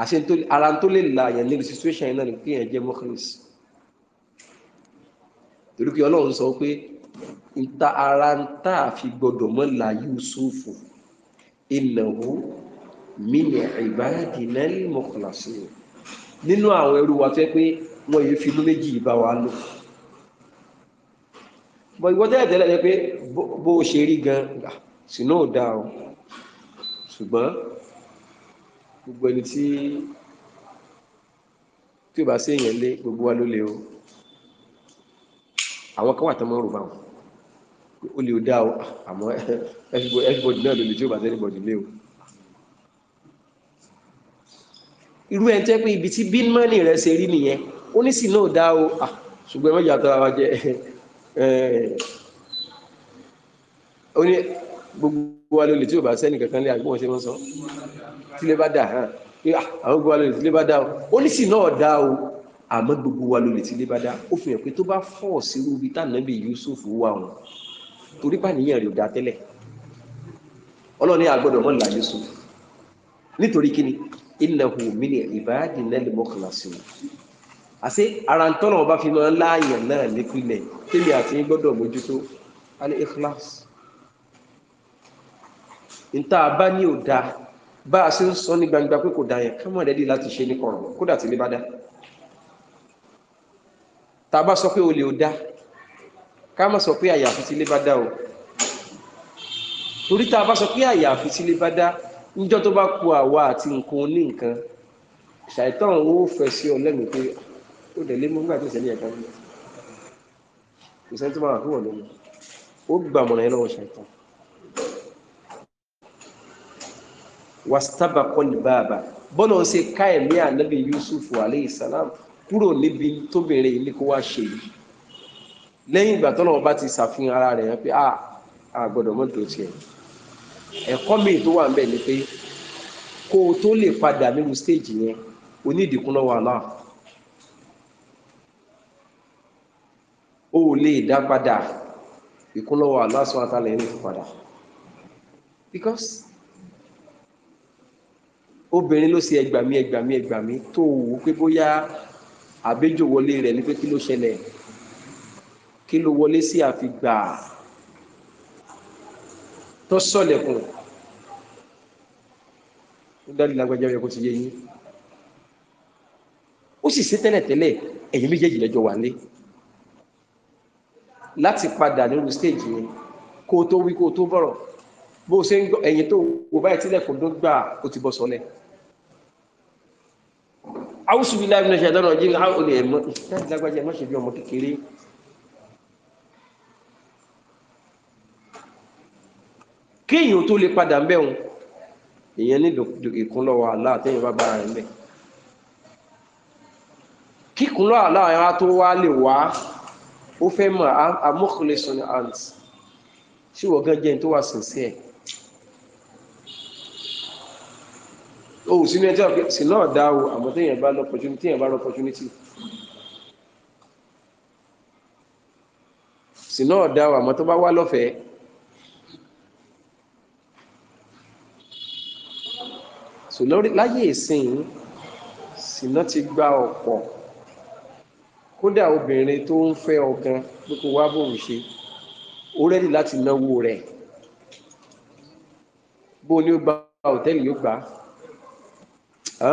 àṣẹ ara tó lè la àyàn níbi situation yìí náà ni kí èèyàn jẹ́ mọ́kànlélẹ́s torí pé ọlọ́run sọ pé nta ara ń tà fi gbọdọ̀ mọ́ la Yusufu innahu min ibadina al-mukhlasin nínú àwọn ẹrú wa fẹ́ pé wọ́n yìí fi inú méjì bá wa lò bọ̀ ìwọ tẹ́lẹ̀ tẹ́lẹ̀ ni pé bó o ṣe rí gan ah, sínú ò dáa o ṣùgbọ́n gbogbo ẹni tí tí o bá sí èèyàn lé gbogbo wa ló lè o àwọn kan wà tán máa ń rò fáwọn ó lè dá o àmọ́ everybody náà ló lè tí ó bá anybody lé o irú ẹ̀ tẹ́ pé ibi tí bínmọ́nì rẹ̀ ṣe rí nìyẹn ó ní sì náà dá o ah, ṣùgbọ́n ẹ̀mọ́jà tó ara wa Eh, ó ní gbogbo wa lólè tí ò bá sẹ́ni kankan lé àgbọ̀n ṣe wọ́n sọ tí lè bá dà hàn pé ah, àwọn gbogbo wa lólè tí lè bá dà o ó ní sì náà dá o àmọ́ gbogbo wa lólè tí lè bá dá ó fi hàn pé tó bá fọ̀ sí irú ibi Yusuf wà wọn torí pàníyàn rẹ̀ ò dá tẹ́lẹ̀ ọlọ́ni àgbọ̀dọ̀ mọ́lá Yusuf nítorí kíni innahu min ibadina al-mukhlasin àṣé ara ń tọ́nà ọba fi lọ láàyàn náà nípìnlẹ̀ tèmi àti yín gbọ́dọ̀ mójútó a ní ikhlas níta bá ní ò dáa bá a ṣe ń sọ ní gbangba pé kò dáa yẹn ká mọ̀ rẹ́dí láti ṣe ní kọ̀rọ̀ kódà tí ilé bá dá tá a bá sọ pé olè ò dá ká má sọ pé àyàfi tí ilé bá dá o torí tá bá sọ pé àyàfi tí ilé bá dá níjọ́ tó bá ku àwa àti nǹkan oní nǹkan ṣàìtàn ó fẹ́ sí ọ lẹ́nu pé ó dẹ̀ lé mọ́ nígbà tó ṣẹlẹ̀ ẹ̀ka lọ́wọ́ kò sẹ́ni tó máa fún wọn lómi ó gbà mọ̀nà yẹn lọ́wọ́ ṣàìtàn wàstábà kọ́ni báàbà bọ́nà ó ṣe ká ẹ̀mí ànábì Yusuf alayhi salam kúrò níbi tóbìnrin ilé kó wá ṣe yìí lẹ́yìn ìgbà tó lọ́wọ́ bá ti ṣàfihàn ara rẹ̀ yẹn pé ah, a a gbọ́dọ̀ mọ́ tó tiẹ̀ ẹ̀kọ́ mi tó wà ń bẹ̀ ni pé kó o tó lè padà nínú stéèjì yẹn onídìkúnlọ́wọ́ aláà ó lè dá padà ìkúnlọ́wọ́ Allah subhanahu wa ta'ala ní padà because obìnrin ló ṣe ẹgbàmí ẹgbàmí ẹgbàmí tó wù pé bóyá àbéjòwọlé rẹ̀ ní pé kí ló ṣẹlẹ̀ kí ló wọlé sí àfigbà tó sọ̀lẹ̀kùn ó dá lílágbájá yẹ kó ti yé yín ó sì ṣe tẹ́lẹ̀tẹ́lẹ̀ ẹ̀yin méjèèjì lẹ́jọ́ wà lé láti padà lórí stage yẹn kó o tó wí kó o tó bọ̀rọ̀ bó o ṣe ń gbọ́ ẹ̀yìn tó wò báyìí tílẹ̀ kò dún gbà o ti bọ̀ sọ́lẹ̀. awúsù bíi láì nìṣẹ́ dáná jí ká o lè mọ̀ lágbájá ẹ̀ má ṣe bí ọmọ kékeré. kéèyàn tó lè padà ń bẹ̀ wọn èèyàn ní ìkúnlọ́wọ́ àlá àtẹ̀yìn bá bára rẹ̀ ń bẹ̀ àlá àwọn tó wá lè wá ó fẹ́ mọ̀ amókùnlẹ̀sùn ant ṣé wọ́n gan jẹ́ ní tó wà sẹ̀nsẹ̀ o ò sínú ẹjọ́ sí náà dá o bá lọ opportunity téèyàn bá lọ opportunity sí náà dá o àmọ́ tó bá wá lọ́fẹ̀ẹ́ sò láyé ìsìn sí náà ti gba ọ̀pọ̀ kódà obìnrin tó ń fẹ́ ọ̀kan pé kó wá bòun ṣe ó rẹ́dì láti náwó rẹ̀ bó ni ó gba hòtẹ́ẹ̀lì yóò gbà á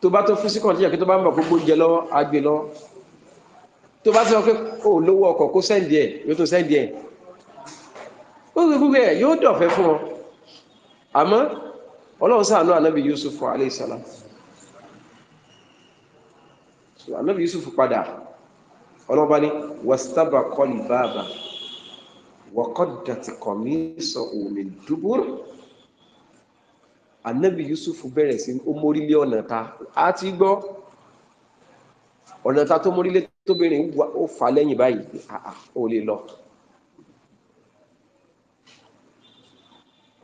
tó bá tó fún sí kọ̀ǹtíyà kí tó bá ń bọ̀ kó gbóúnjẹ lọ́wọ́ agbè lọ́wọ́ tó bá sọ pé ó lówó ọkọ̀ kó sẹ́ǹdì ẹ̀ yóò tó sẹ́ǹdì ẹ̀ ó rí gbogbo ẹ̀ yóò dọ̀fẹ́ fún ọ àmọ́ ọlọ́run ṣàánú ànábì Yusuf alayhi salam so anabi yusuf padà ọlọ́ba ní wastaba kọ́lì bàbà wọ́kọ́dàtì kọ̀mí sọ omi dúbúrú anabi yusuf bẹ̀rẹ̀ sí ó mórílé ọ̀nà ta á ti gbọ́ ọ̀nà ta tó mórílé tóbìnrin ó fà lẹ́yìn báyìí ó lè lọ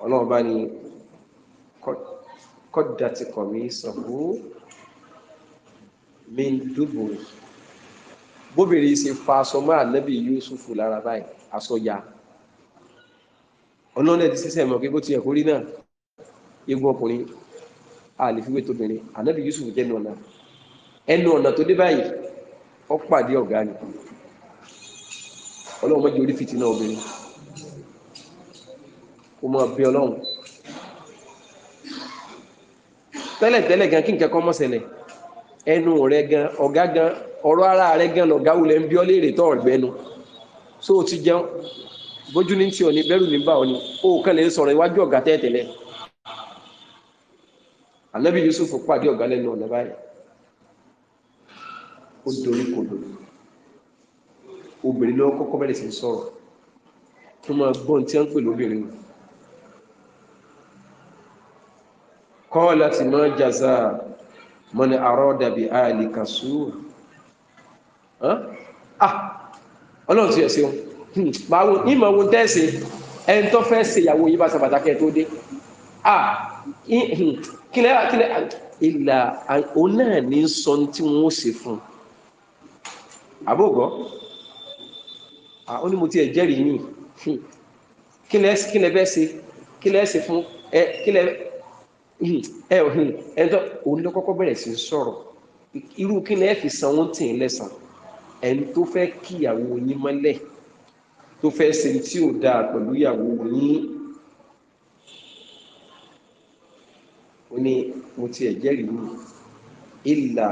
ọlọ́ba ní kọ́dàtì kọ̀mí sọ omi min duburi bóbìnrin ṣe fa aṣọ mọ́ ànábì Yusuf lára báyìí aṣọ ya ọlọ́nà ti sísẹ̀ mọ̀ pé bó ti yẹ kó rí náà egun ọkùnrin àlefiwé tóbìnrin ànábì Yusuf jẹ́ ẹnu ọ̀nà ẹnu ọ̀nà tó dé báyìí ó pàdé ọ̀gá ni ọlọ́run mọ́jọ orí fìtínà obìnrin kó mọ́ bí ọlọ́run tẹ́lẹ̀tẹ́lẹ̀ gan kí nǹkan kan mọ́ ṣẹlẹ̀ ẹnu rẹ gan ọ̀gá gan ọ̀rọ̀ ara rẹ gan lọ̀gá wulẹ̀ ń bí ọ léèrè tọ́ ọ̀gbẹ́nu so o ti jẹun bójú ní tí o ní bẹ́rù ní bá o ní o kàn lè sọ̀rọ̀ iwájú ọ̀gá tẹ́tẹ̀lẹ̀ anabi Yusuf pàdé ọ̀gá lẹ́nu ọ̀nà báyìí ó dorí kodò obìnrin lọ́wọ́ kọ́kọ́ bẹ̀rẹ̀ sí sọ̀rọ̀ tó máa gbọ́n tí wọ́n ń pè lóbìnrin o. قالت ما جزاء mọ́ni àrọ́dà bí àìlè kàṣúwò ah! ọlọ́run ti ẹ̀ ṣeun hmm. máa wo ìmọ̀ ohun tẹ́ẹ̀sì ẹni tó fẹ́ ṣe ìyàwó yìí bá ṣe pàtàkì ẹ̀ tó dé kílẹ̀ ah! hmm. kílẹ̀ ah, ìlà òun náà ní sọ tí wọ́n ṣe fún àbógọ́ ó ní mo ti ẹ̀ jẹ́rìí yìí hmm. kílẹ̀ kílẹ̀ bẹ́ẹ̀ ṣe kílẹ̀ ṣe fún ẹ kílẹ̀ Hmm. ẹ ò hmm. ẹ dọ́ òun ló kọ́kọ́ bẹ̀rẹ̀ sí sọ̀rọ̀ irú kí lẹ́ẹ̀ fi san wọ́n tì í lẹ́sàn ẹni tó fẹ́ kí ìyàwó yín mọ́lẹ̀ tó fẹ́ ṣe tí ò dáa pẹ̀lú ìyàwó yín ó ní mo ti ẹ̀jẹ̀rìí mi ìlà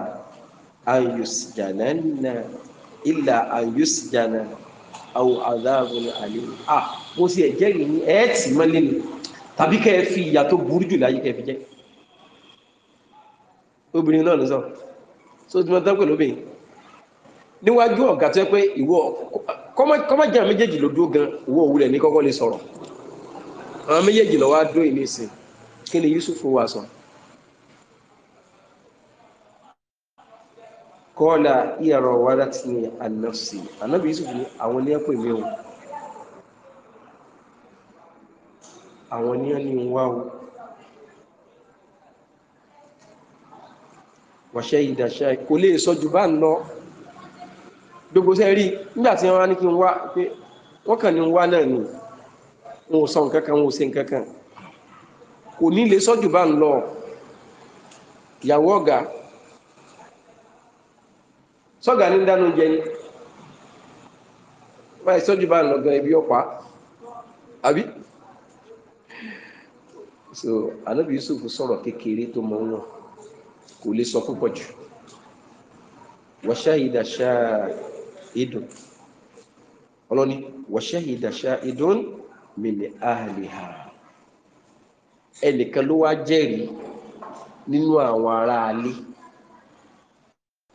ayùsìjànánà ìlà ayùsìjànà àwọn àdáàbò àlè à mo ti ẹ̀jẹ̀rìí mi ẹ̀ẹ́tì mọ́lẹ̀ mi tàbí kẹ́ ẹ fi ìyà tó burú jù láyé kẹ́ ẹ fi jẹ́ obìnrin náà ló sọ so tí wọ́n tán pẹ̀lú obìnrin níwájú ọ̀gá tó yẹ pé ìwọ kọ́mọ̀jà méjèèjì ló dúró gan ìwọ òwúlẹ̀ ní kọ́kọ́ lè sọ̀rọ̀ àwọn méjèèjì lọ́wọ́ á dó ìní ìsìn kí ni Yusuf wà sọ. kọ́ọ̀là ìyàrá wàdà ti ní ànáfsì ànábì Yusuf ní àwọn ní ẹ̀pọ̀ ìmí àwọn ní ẹni ń wá o wọ̀ṣẹ́ ìdàṣẹ́ kò lè sọ jù bá ń lọ gbogbo sẹ́ rí nígbà wọ́n ní kí n wá pé wọ́n kàn ní wá náà ni wọn ò sọ nǹkan kan wọn ò ṣe nǹkan kan kò ní lè sọ jù bá ń lọ ìyàwó ọ̀gá sọ́gà ní dánú jẹ ni wọ́n sọ jù bá ń lọ gan ibi ọ̀pá so anabi yusuf sọ̀rọ̀ kékeré tó mọ wọn kò lè sọ púpọ̀ jù wàṣáhìdà ṣáàìdùn ọlọ́ni wàṣáhìdà ṣáàìdùn mìíràn àhàlìhà ẹnìkan ló wá jẹ́rìí nínú àwọn ará alé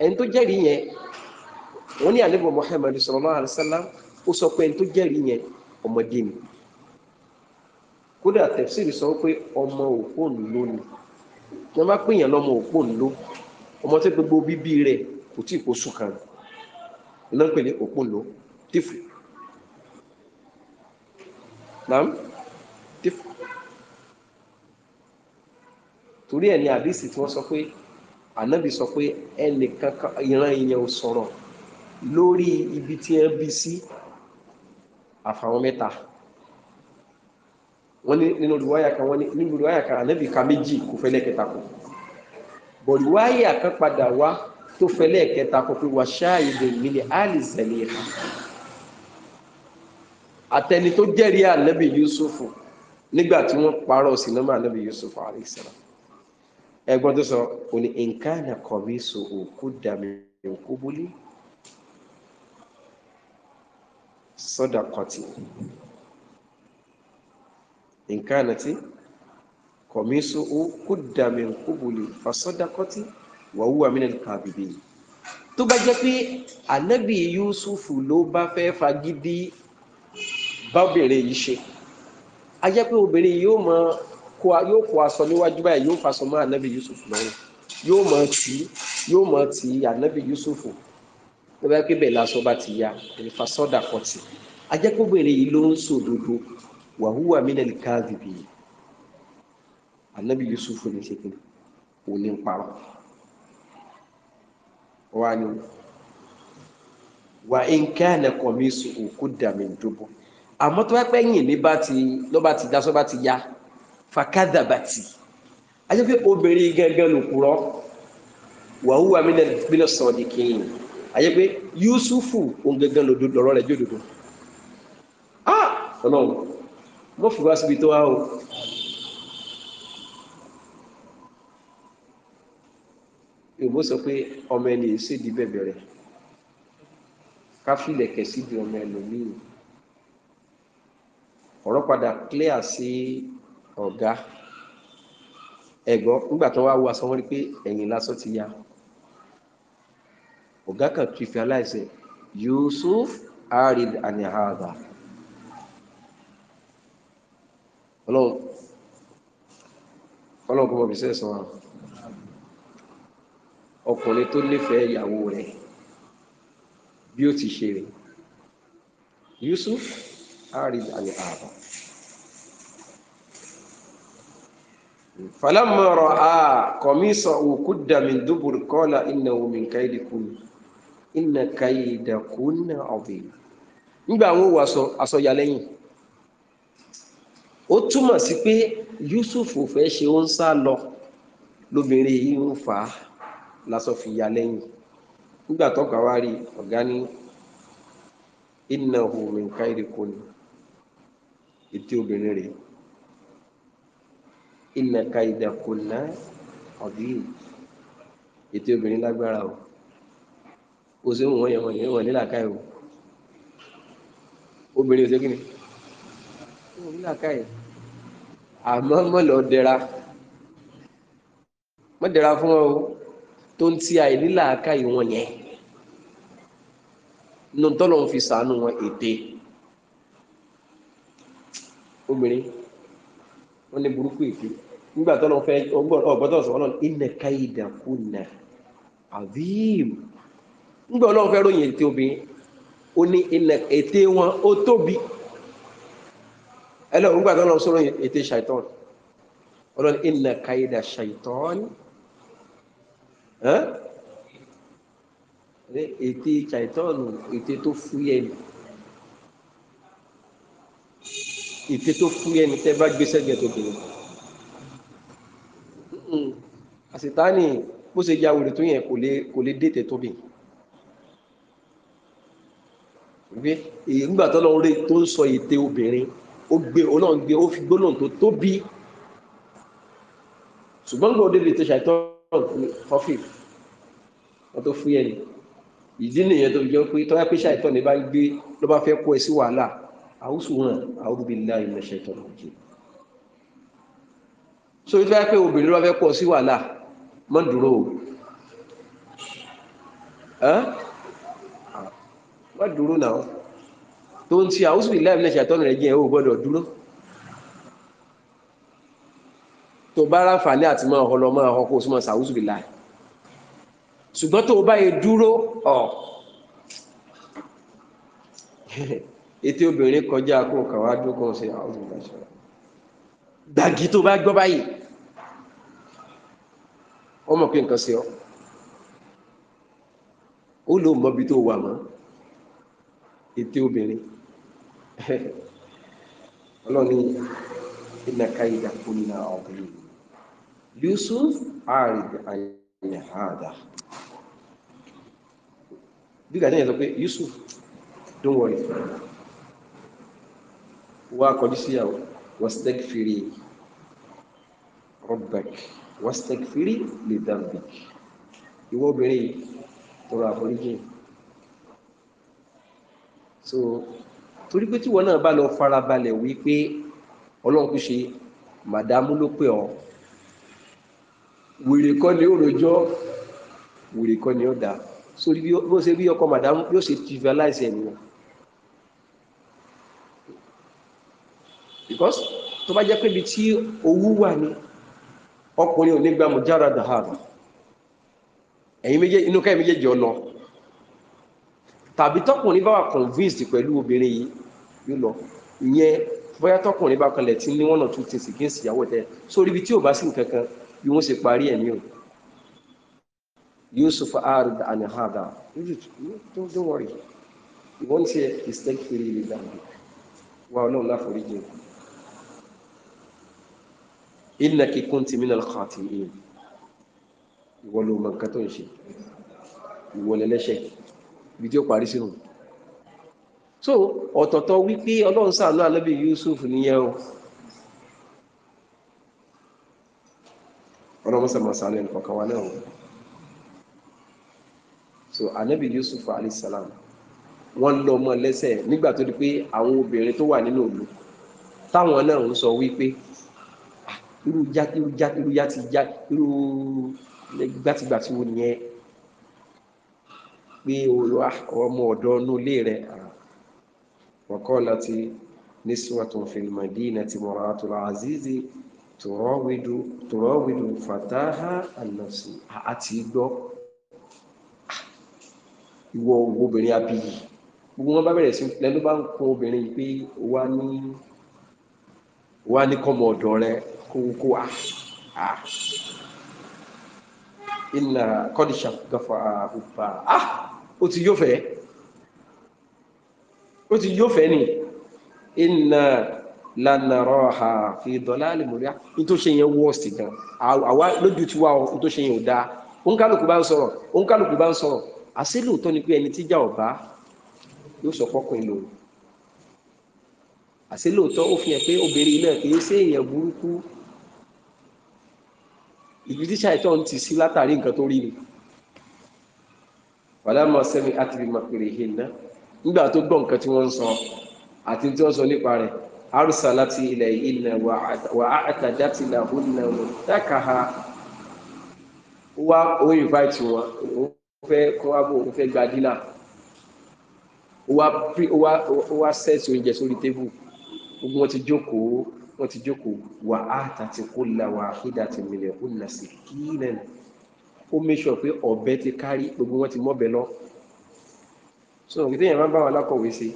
ẹni tó jẹ́rìí yẹn wọ́n ní àlébọ̀ muhammadu sallallahu alaihi wasallam ó sọ pé ẹni tó jẹ́rìí yẹn ọmọdé ni kódà tẹ̀síìrì sọ pé ọmọ òpónù ló ni ní wọ́n bá pèèyàn lọ́mọ òpónù ló ọmọ tí gbogbo bíbí rẹ̀ kò tí kò sùn kan iná pè ní òpónù ló tífù nàám tífù torí ẹ̀ ní àdìsí tí wọ́n sọ pé ànábì sọ pé ẹnìkan ìran ìyẹn ò sọ̀rọ̀ lórí ibi tí ẹ bí sí àfàwọn mẹ́ta wọ́n ní nínú olùwáyà kan wọ́n ní nínú olùwáyà kan ànábì ka méjì kò fẹ́lẹ́ kẹta kù bọ̀lùwáyà kan padà wá tó fẹ́lẹ́ kẹta kù pé wàṣà ìdè mi ni àlì zẹ̀lẹ̀ ha àtẹni tó jẹ́rìí ànábì Yusuf nígbà tí wọ́n parọ́ sinimá ànábì Yusuf alayhi salam ẹ̀gbọ́n tó sọ ò ní nǹkan àkọ̀wé so òkú dàmí òkú bólé sọ́dà kọ̀tì nkánatí kọ̀mísù ó kúdàmì kúbùlì fàṣọdàkọ́tì wàhùwà mí nínú kàbìbì tó bá jẹ́ pé ànábì Yúsúfù ló bá fẹ́ fagídí bábìnrin yìí ṣe a jẹ́ pé obìnrin yóò mọ yóò kó aṣọ níwájú báyìí yóò faṣọ mọ́ ànábì Yúsúfù lọ́rùn yóò mọ tì í yóò mọ tì í ànábì tó bá pé bẹ́ẹ̀ lásán bá ti ya ìfàsọ́dà kọ̀tì a jẹ́ pé obìnrin yìí ló ń sòdodo wa huwa min al-kadhibin anabi yusuf ní ṣe kí o ní parọ́ wà ní wà in kana qamisuhu qudda min dubur àmọ́ tó bá pẹ́ yìn ní bá ti ló bá ti dasọ́ bá ti ya fakadhabati ajé pé obìnrin gẹ́gẹ́ ló kúrọ́ wa huwa min as-sadiqin ayé pé yusufu òun gẹ́gẹ́ lọ́rọ́ rẹ̀ jódodo ah ọlọ́run wọ́n fi wá síbi tó wá o ìbò sọ pé ọmọ ẹni yìí ṣèdí bẹ̀bẹ̀rẹ̀ ká filẹ̀kẹ̀ síbi ọmọ ẹlòmíì ọ̀rọ̀ padà clear sí ọ̀gá ẹ̀gbọ́n nígbà tó wá wo aṣọ rí pé ẹ̀yìn lásán ti ya ọ̀gá kan tún fi aláìsẹ̀ Yusuf arid anihada. ọlọ́run kọ́ bọ̀bí sẹ́sàn án ọkùnrin tó nífẹ̀ẹ́ ìyàwó rẹ̀ bí ó ti ṣe rẹ̀ Yusuf arid ali ààbà falamma ra'a qamisa qudda min dubur qala innahu min kaidikum inna kaidakunna azim nígbà àwọn òwò àsọyà lẹ́yìn ó túmọ̀ sí pé Yusuf ò fẹ́ ṣe ó ń sá lọ lóbìnrin yìí ń fà á lásọ fi ya lẹ́yìn nígbà tọ́ka wá rí ọ̀gá ní innahu min kaidikum ètí obìnrin rẹ̀ inna kaidakunna adheem ètí obìnrin lágbára o ó sì ń wọ́n yẹn wọ́n yẹn wọ́n nílà káyọ̀ obìnrin ò sí wọ́n nílà káyọ̀ àmọ́ mọ̀lọ́ dẹra mọ̀ dẹra fún ọ tó ń ti àìnílàáká ìwọ̀n yẹn nínú tọ́lọ̀ ń fi sàánú wọn ète obìnrin wọn ní burúkú ète nígbà tọ́lọ̀ fẹ́ ọgbọ́tọ̀ sọ ọlọ́run iná káyidà kùnà àvíìm nígbà ọlọ́run fẹ́ ròyìn ète obìnrin ó ní iná ète wọn ó tóbi ẹlẹ́ òun gbàgbọ́ lọ sọ́rọ̀ ètè ṣàìtàn ọlọ́ni inna kaida ṣàìtàn ètè ṣàìtàn ètè tó fúyẹ́ ni ètè tó fúyẹ́ ni tẹ́ bá gbé sẹ́gbẹ̀ẹ́ tó bìnrin àṣetánì bó ṣe ya wèrè tó yẹn kò lè dètè tó bìnrin ìgbà tó lọ rí tó ń sọ ètè obìnrin ó gbé ọlọ́run gbé ó fi gbólóhùn tó tóbi ṣùgbọ́n gbọ́dọ̀ débi tó ṣàìtọ́ kọfí wọ́n tó fúyẹ́ ni ìdí nìyẹn tó jẹ́ pé tọ́wọ́ pé ṣàìtọ́ ni bá ń gbé ló bá fẹ́ kó ẹ sí wàhálà àwùsù hàn àwùbí ńlá ìmọ̀ ṣàìtọ́ ló jẹ́ so ìfẹ́ pé obìnrin ló bá fẹ́ kó ọ sí wàhálà mọ́ dúró o mọ́ dúró náà tó ń ṣe àwùsùn ìlà ìbílẹ̀ ṣàtọ́nù rẹ̀ jẹ́ ò gbọ́dọ̀ dúró tó bá ráǹfààní àti máa ọ̀họ́ máa ọ̀họ́ kó súnmọ́ sàwùsùn ìlà ṣùgbọ́n tó bá yẹ dúró ọ̀ ètò obìnrin kọjá kó kàn wá dúró kó ṣe àwùsùn ìlà ṣọlá gbàgì tó bá gbọ́ báyìí wọ́n mọ̀ pé nǹkan ṣe ọ́ ó lóun mọ́bi tó wà mọ́ ètò obìnrin ọlọ́ni ìnàka ìdàkú ní ọ̀gbìn Yusuf arid ayahada bí gàdé yẹn sọ pé Yusuf don't worry wá kọjú sí yàwó wastagfiri rabbak wastagfiri li dambik ìwọ obìnrin tọrọ àforíjì so torí pé tíwọ náà bá lọ farabalẹ̀ wí pé ọlọ́run kò ṣe màdámù ló pè ọ́ wèrè kọ́ ni ó rojọ́ wèrè kọ́ ni ó dá sórí bí ó ṣe bí ọkọ màdámù yóò ṣe trivialize ẹ̀ nìyẹn because tó bá jẹ́ pé ibi tí owó wà ní ọkùnrin ò ní gbàmù jára dàhàrà ẹ̀yin méjèèjì inú ká ẹ̀ méjèèjì ọ̀nà tàbí tọkùnrin bá wà convinced pẹ̀lú obìnrin yìí yóò lọ ìyẹn bóyá tọkùnrin bá kanlẹ̀ tí ní one or two things against ìyàwó ẹ̀ sórí ibi tí ò bá sí nǹkan kan bí wọ́n ṣe parí ẹ̀mí o Yusuf arid anahada don't worry ìwọ́n ti ẹ̀ mistake kiri ilé dàbí wa ọlọ́run láforíjì inna kíkún ti minal khatimin ìwọ ló mọ nǹkan tó ń ṣe ìwọ ibi tí ó parí sínú so ọ̀tọ̀ọ̀tọ̀ wípé ọlọ́run sàánú ànábì Yusuf nìyẹn o ọlọ́run sàánú sàánú ẹnì kọ̀ọ̀kan náà o so ànábì Yusuf alayhi salam wọ́n lọ ọmọ lẹ́sẹ̀ nígbà tó di pé àwọn obìnrin tó wà nínú òlu táwọn náà ń sọ wípé ah, irú jákirú jákirú yá ti já irú gbàtìgbàtì wo nìyẹn pé ọmọ ọ̀dọ́ inú ilé rẹ̀ وقالت نسوة في المدينة مرأة العزيز تراود تراود فتاها عن نفسه àti gbọ́ ìwọ obìnrin abiyì gbogbo wọn bá bẹ̀rẹ̀ sí lẹ́nu bá ń kọ́ obìnrin pé wà ní wà ní kọ́mọ ọ̀dọ̀ rẹ kó kó a a ìnà kọ́díṣà gàfà àhùpà a ó ti yóò fẹ́ ó ti yóò fẹ́ ni iná lánàárọ̀ ha fi dọ̀lá àlèmọ́ríà ní tó ṣe yẹn wọ́ọ̀sì gan àwa lójú tí wà ó tó ṣe yẹn ò dáa òǹkálùkù bá ń sọ̀rọ̀ òǹkálùkù bá ń sọ̀rọ̀ àṣé lóòótọ́ ni pé ẹni tíjà ọ̀bá yóò sọ fọ́kùnrin lòun àṣé lóòótọ́ ó fi hàn pé obìnrin náà kì í ṣe èèyàn burúkú ìgbìdíṣà ìtọ́ ń ti sí látàrí nǹkan tó rí ni fàlámà sẹ́mi àtìrí màkìrì yìí ná nígbà tó gbọ́ nǹkan tí wọ́n ń sọ àti tí wọ́n sọ nípa rẹ̀ arúsà láti ilẹ̀ yìí nà wà á àtàjá ti là ó nà wọ́n dákàá wá ó invite wọn ó fẹ́ kó wá bò ó fẹ́ gba dínà ó wá sẹ́ẹ̀sì oúnjẹ sórí tébù gbogbo wọn ti jókòó wọn ti jókòó wà á àtàtì kó la wà á hídà ó nà sí kí náà ó make sure pé ọ̀bẹ ti kárí gbogbo wọn ti mọ́bẹ lọ so òkè téèyàn máa ń bá wọn alákọ̀wé sí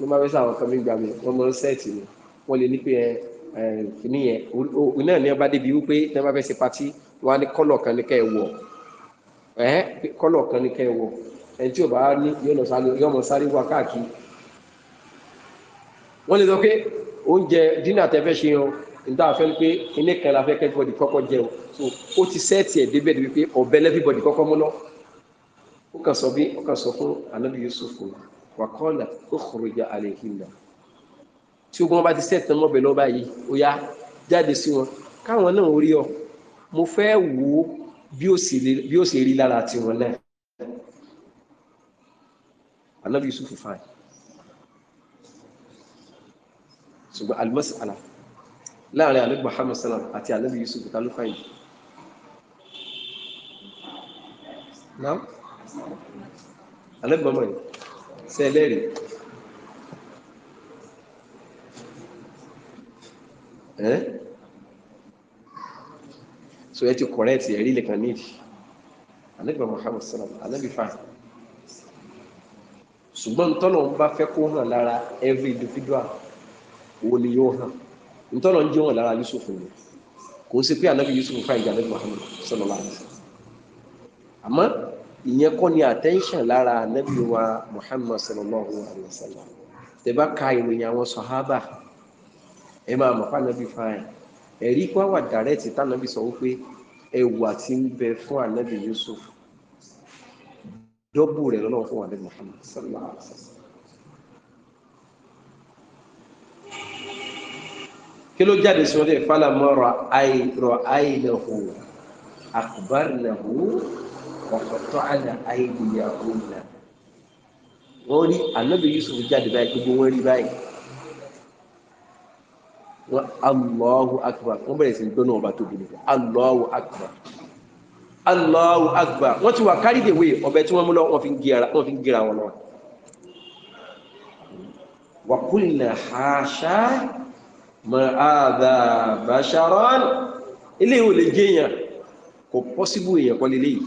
ló máa fẹ́ sàwọn kan mi wọ́n mọ sẹ́ẹ̀tì ni wọ́n lè ní pé ẹ kìíní yẹn òun náà ní ọba débi wípé tí wọ́n bá fẹ́ ṣe patí wọ́n á ní kọ́lọ̀ kan ní kẹ́ wọ̀ ẹ́ kọ́lọ̀ kan ní kẹ́ wọ̀ ẹni tí ò bá ní yóò mọ̀ sáré wá káàkiri wọ́n lè sọ pé oúnjẹ dínà tẹ́ fẹ́ ṣe yan níta àfẹ́ ni pé ilé kan la fẹ́ kẹ́ everybody kọ́kọ́ jẹ o so ó ti sẹ́ẹ̀tì ẹ̀ débẹ̀ débi pé ọ̀bẹ everybody kọ́kọ́ mú lọ ó kàn sọ bí ó kàn sọ fún anabi Yusuf wàkọ́ọ̀là ó khuruja alayhinna tí ogun wọn bá ti sẹ́ẹ̀tì wọn bẹ̀ lọ́ba yìí ó yá jáde sí wọn káwọn náà rí ọ mo fẹ́ wò bí ó ṣe rí lára tiwọn náà anabi Yusuf fine ṣùgbọ́n alimọ́sí àlàfo láàrin alẹ́ Muhammad salam àti alẹ́ Yusuf ta ló fàyè náà alẹ́ gbọ́mọ̀ yìí ṣe ẹlẹ́rìí ẹ́ so ẹ ti correct ẹ̀rí lè kàn nídìí alẹ́ gbọ́mọ̀ Muhammad salam alẹ́ bí fàyè ṣùgbọ́n tọ́lọ̀ ń bá fẹ́ kó hàn lára every individual wo ni yóò hàn ntọ́lọ̀ ń jẹ́ wọn lára Yusuf ni kò sí pé anabi Yusuf fáyìn jẹ́ anabi Muhammad sallallahu alaihi wasallam àmọ́ ìyẹn kọ́ ni attention lára anabi wa Muhammad sallallahu alaihi wasallam tẹ́ bá ka ìròyìn àwọn sọ̀hábà ẹ máa mọ̀ fún anabi fáyìn ẹ̀rí kó wà dàrẹ́tì tánàbí sọ wípé ẹwà tí ń bẹ fún anabi Yusuf dọ́bù rẹ̀ lọ́nà fún anabi Muhammad sallallahu alaihi kí ló jáde sí wọn lè fàlà mọ rọ àì rọ àì nà hù àkùbárì nà hù ọkọtọ àná àì nìyà hù nà wọn rí ànábì Yusuf jáde báyìí gbogbo wọn rí báyìí wọn Allahu akbar wọn bẹ̀rẹ̀ sí ní gbóná ọba tó bìnú Allahu akbar Allahu akbar wọn ti wà carry the way ọbẹ tí wọn mú lọ wọn fi ń gera wọn lọ wàkúlìnà haṣá ma'adha basharan ilé ìwò lè jẹ́ èèyàn kò pọ́síbù èèyàn kọ́ lè léyìí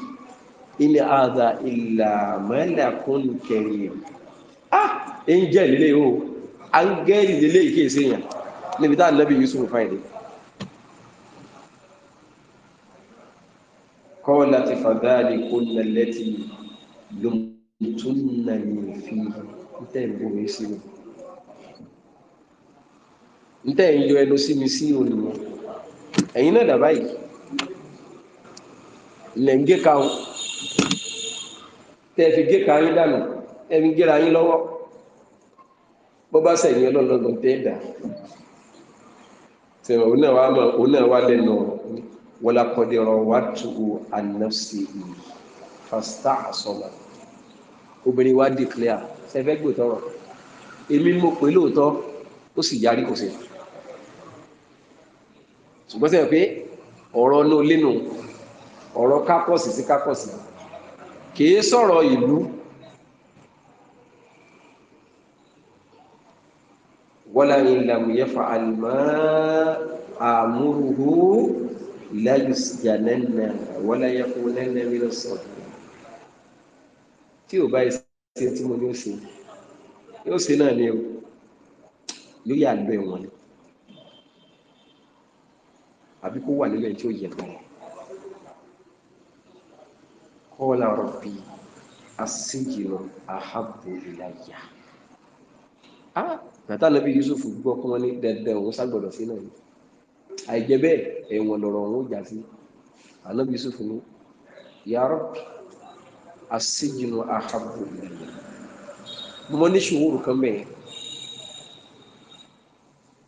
in hadha illa malakun karim ah angel lè o angẹ́lì lè léyìí kí èsì èèyàn níbi tá Nabi Yusuf fáìlì قالت فذلكن التي لمتنني فيه انتهى بويسيني ntẹ ń yọ ẹnu sí mi sí olùmọ ẹ̀yin náà dàbá yìí lẹ ń gé ka o tẹ fi gé ka yín dànù ẹ fi gé ra yín lọ́wọ́ bó bá sẹ́yìn ọlọlọgbọn tẹ dà sẹwọn òun náà wà mọ òun náà wà lẹ́nu wọlá kọdẹrọ wà tù ú ànáfsì fàstà àsọmọ obìnrin wa declare sẹfẹ gbòtọrọ èmi mo pè lóòótọ́ ó sì yarí kò sí ṣùgbọ́n sẹ́yìn pé ọ̀rọ̀ inú ilé nù ọ̀rọ̀ kápọ̀sì sí kápọ̀sì kìí sọ̀rọ̀ ìlú wọ́lá ìlàmùyẹ́ fa àlùmọ́ àmúrùhù ìlàyùsìjà lẹ́nà wọ́lá yẹ̀kú lẹ́nà mi lọ́sọ̀tún tí ò bá ṣe tí mo ní ṣe yóò ṣe náà ni o yóò yà lọ ni àbí kó wà nílẹ̀ tí ó yẹ pẹ̀lú kọ́lá rọ̀bì asíjìlọ àhábò ìlàyà á nàtà lẹ́bí Yusuf gbọ́ kọ́ ní dandan òun ságbọ̀dọ̀ sí náà ni àìjẹ́ bẹ́ẹ̀ ẹ̀wọ̀n lọ̀rọ̀ òun ó jà sí ànábì Yusuf ní ya rọ̀bì asíjìlọ àhábò ìlàyà mo ní ṣòwòrò kan bẹ́ẹ̀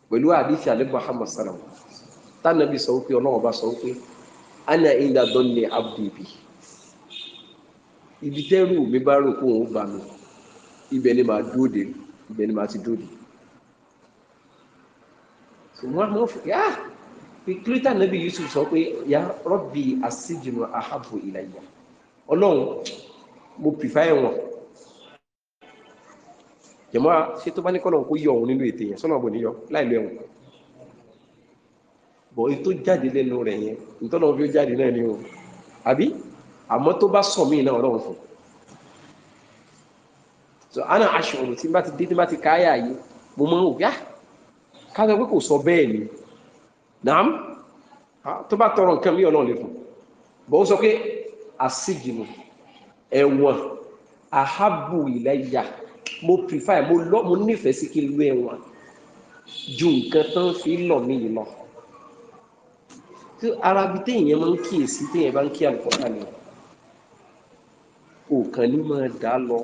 pẹ̀lú àdìsí àlẹ́ Muhammad tánàbí sọ wípé ọlọ́run ọba sọ wípé ana inda dọ́ni abdibi ibi tẹ́rù mi bá rò kó òun bá mi ibẹ̀ ni màá dóde ibẹ̀ ni màá ti dóde ṣùgbọ́n àwọn fò yá kíríta nàbí Yusuf sọ pé ya. rọ́bì àṣìjìnnà àhàbò ìlàyà ọlọ́run mo pìfà ẹ̀wọ̀n jẹ̀mọ́ ṣé tó bá ní kọ́lọ̀ kó yọ òun nínú ètè yẹn sọ́nà ọ̀bọ̀n níyọ láì ẹ̀wọ̀n bọ̀ èyí tó jáde lẹ́nu rẹ̀ yẹn ìtọ́nà fi ó jáde náà ni o àbí àmọ́ tó bá sọ mí náà ọlọ́run fún so ana aṣọ̀rò tí bá ti dé tí bá ti káyà yìí mo máa ń wò yá ah, ká sọ pé kò sọ bẹ́ẹ̀ ni nàám tó bá tọrọ nǹkan mí ọlọ́run lè fún bọ̀ ó sọ pé àṣìjìnnà ẹ̀wọ̀n àhábù ìlẹ́yà mo prefer mo nífẹ̀ẹ́ sí kí ẹ̀wọ̀n ju nǹkan tán fi lọ̀ mí yìí tí ara bí téèyàn máa ń kíyèsí téèyàn bá ń kí àlùkọ́tà ni òkàn ní máa dá lọ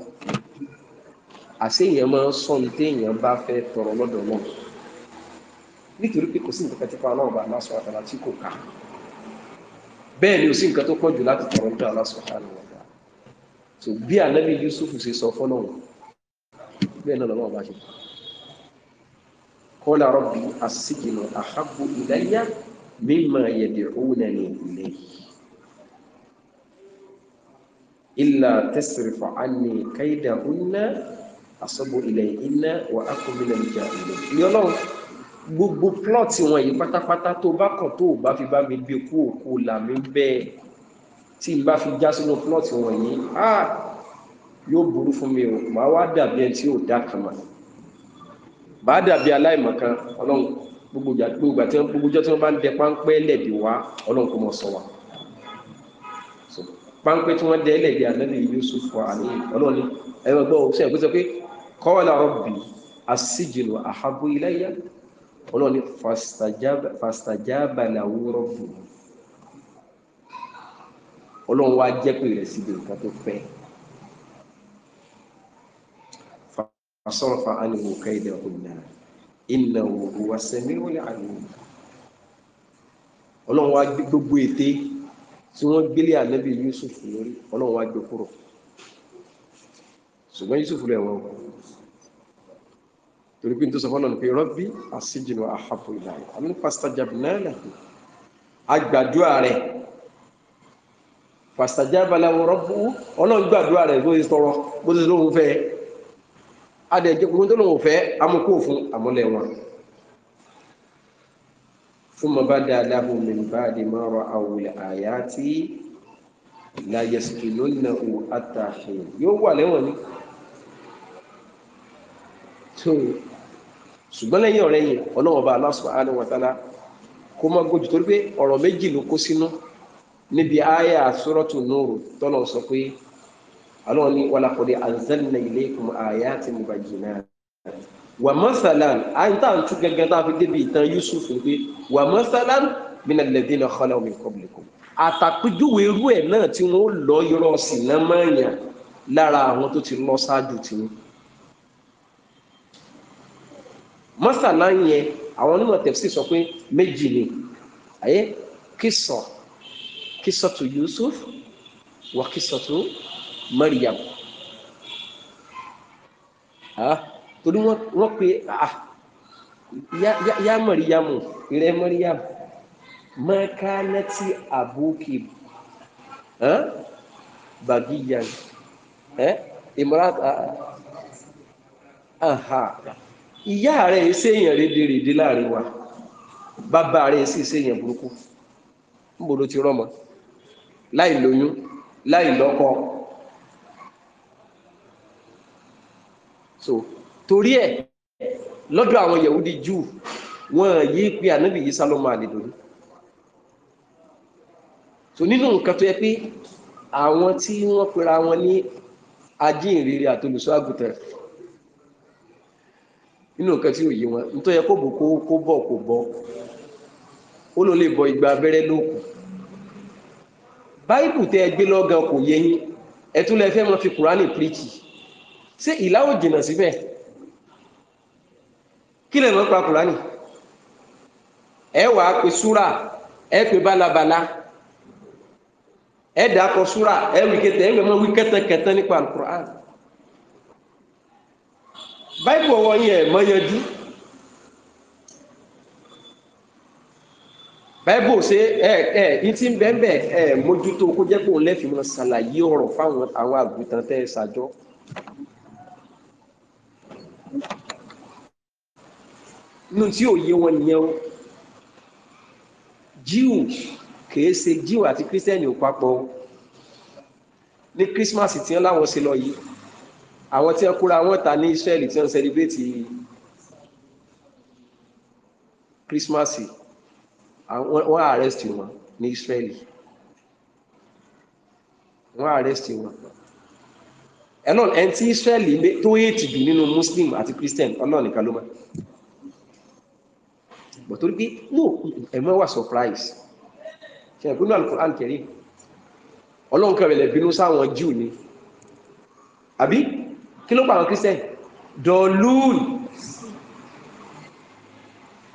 àṣeyàn máa ń sọ ní téèyàn bá fẹ́ tọrọ lọ́dọ̀ náà nítorí pé kò sí nǹkan tí pa ọlọ́run bá aláṣọ àtàlà tí kò ká bẹ́ẹ̀ ni ò sí nǹkan tó pọ̀ jù láti tọrọ lọ́dọ̀ aláṣọ àtàlà so bí ànábì Yusuf ṣe sọ fọ́lọ́run bẹ́ẹ̀ náà lọ́wọ́ bá ṣe kọ́lá rọ́bì àṣìṣìgìnà àhábù ìdáyà مما يدعونني إليه إلا تصرف عني tẹsirifọ àní káyidà ònà من ilẹ̀ iná wà á kó mílẹ̀ níjà ìlú ìyọ́ náà gbogbo plọ́ọ̀tì wọn yìí pátápátá tó bá kàn tó bá fi bá mi gbé kú òkú làmí bẹ́ẹ̀ tí n bá fi já sínú plọ́ọ̀tì wọn yìí ah yóò burú fún mi o màá wá dàbí ẹni tí ò dá kan mà bá dàbí aláìmọ̀kan ọlọ́run gbogbo ìjọ tí wọ́n bá ń dẹ páńpẹ́ lẹ̀dí wá ọlọ́run kò mọ̀ sọ wa páńpẹ́ tí wọ́n dẹ lẹ̀dí ànábì Yusuf àní ọlọ́run ni ẹ̀rọ gbọ́ ṣe ẹ̀gbẹ́ pé qala rabbi as-sijnu ahabbu ni fastajaba lahu rabbuhu ọlọ́run wá jẹ́ pé rẹ̀ síbi nǹkan tó fẹ́ fasarafa anhu kaydahu náà innahu huwa samiul alim ọlọ́run wá gbé gbogbo ète tí wọ́n gbélé ànábì yusuf lórí ọlọ́run wá gbé kúrò ṣùgbọ́n yusuf lè wọ́n torí pé n tó sọ fọ́nà pé rabbi asijinu ahabu ilayya àmì fastajabna lahu agbàdúrà rẹ̀ fastajaba lahu rabbu ọlọ́run gbàdúrà rẹ̀ bó ti tọrọ bó ti lóun fẹ́ adẹ̀jẹ́ gbogbo tó lòun fẹ́ amúkó fún àmúlẹ̀ wọn fún ma bá dáadáa fún mi bá di máa rọ àwòlẹ̀ àyà tí láyẹ̀sìkì lónìí náà wò àtàṣe yóò wà lẹ́wọ̀n ni tó ṣùgbọ́n lẹ́yìn ọ̀rẹ́ yìí ọlọ́wọ́n bá Allah subhanahu kó má gbójú torí pé ọ̀rọ̀ méjì ló kó sínú níbi àyà suratu Nur tọ́lọ̀ sọ pé ọlọ́run ní wàlá kọ́dé anzalna ilaykum ayatin mubayyinat wà masalan àyìn tá à ń tú gẹ́gẹ́ tá a fi débi ìtàn Yusuf pé wà masalan mina alladhina khalaw min qablikum àtàpéjúwe irú ẹ̀ náà tí wọ́n lọ irọ́ sínà mọ́ọ̀yà lára àwọn tó ti lọ ṣáájú tìǹ masala yẹn àwọn onímọ̀ tẹ̀sí sọ pé méjì ni ayé kìsọ̀ kìsọ̀ tó Yusuf wà kìsọ̀ tó ah, ah, ya, ya, Maryam torí wọ́n pe yá Maryamu rẹ̀ Maryam mọ́kánátì àbókè eh, imrat ìyá rẹ̀ ṣèyàn rédèrèdè láàrin wa bàbá rẹ̀ sì ṣèyàn burúkú níbo ló ti rọ́mọ láì lóyún láì lọ́kọ so torí ẹ̀ lọ́dọ̀ àwọn yahudi júù wọn yìí pé ànábì yìí sálọ́mọ àlejò ni so nínú nǹkan tó yẹ pé àwọn tí wọ́n pera wọn ní ajínrere àtolùsọ àgùntàn nínú nǹkan tí ò yé wọn nítorí ẹ kó bò kó kó bọ̀ kó bọ̀ ó ló lè bọ igba abẹ́rẹ́ lóòkù báìbù tẹ ẹ gbé kò yé yín ẹ fi kùránì píríkì ṣé ìláwò jìnà síbẹ̀ kí lè mọ́ pa kùránì ẹ wà á pe súrà ẹ pe bálabàlá ẹ dà kọ súrà ẹ wí kẹtẹ ẹ mọ wí kẹtẹkẹtẹ nípa alukur'an báyìí wọ́n yẹn mọ́ yanjú. báìbù ṣe ẹ ẹ ìtì ń bẹ́ẹ̀ ẹ mójútó kó jẹ́ pé òun lẹ́fì ọ̀rọ̀ fáwọn àwọn àgùntàn tẹ́ ẹ nínú tí ò yé wọn nìyẹn o jíù kìí ṣe jíù àti kírísítẹ́nì ò papọ̀ o ní kírísímàsì tí wọ́n láwọn ṣe lọ yìí àwọn tí wọ́n kóra wọn ta ní Ísírẹ́lì tí wọ́n sẹ́líbrétì kírísímàsì wọ́n àrẹ́sìtì wọn ní Ísírẹ́lì wọ́n àrẹ́sìtì wọn ẹ náà ẹni tí Ísírẹ́lì tó èètì jù nínú Muslim àti Christian ọlọ́run nìkan ló mọ̀ bọ̀ torí pé no ẹ̀mọ́ wà surprise ṣe ẹ̀kú ní Al-Qur'an Karim ọlọ́run kan rẹ̀ bínú sáwọn Júù ni àbí kí ló pa àwọn Christian dọ̀lúùn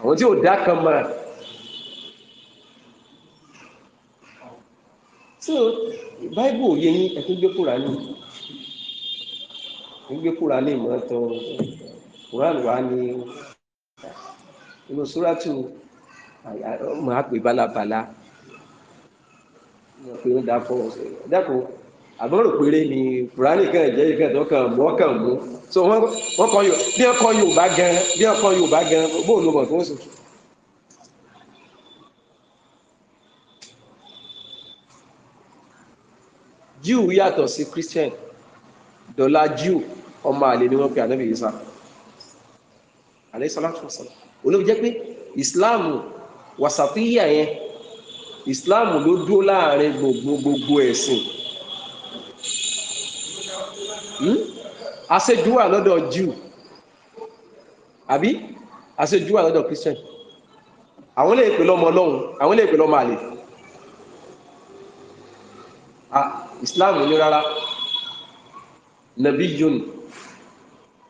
àwọn tí ò dá kan mọ̀ so Bible yẹn ẹ̀kú gbé Kùránì gbígbé kúra lè mọ́ tọ́ quran wa ni inú suratu máa pè balabala mo pe ń da fọ dákun àbọ̀rò péré ni quran kan jẹ́ ìkan tó kàn mọ́ kàn mú so wọ́n kọ yóò bí wọ́n kọ Yorùbá gan bí wọ́n kọ Yorùbá gan bóun ló mọ̀ tó ń sùn. Jew yàtọ̀ sí Christian dọ̀là jíù ọmọ àlè ni wọ́n pe ànábì Ìsá àlẹ́sàlátùwọ̀sán olóòjẹ́ jẹ́ pé ìsìláàmù wàsàfíyà yẹn ìsìláàmù ló dúró láàrin gbogbo ẹ̀sìn àṣejù hmm? wà lọ́dọ̀ Júù àbí àṣejù wà lọ́dọ̀ Christian àwọn lè pè lọ́mọ Ọlọ́run àwọn lè pè lọ́mọ àlè Islam ah, ní rárá nabiyun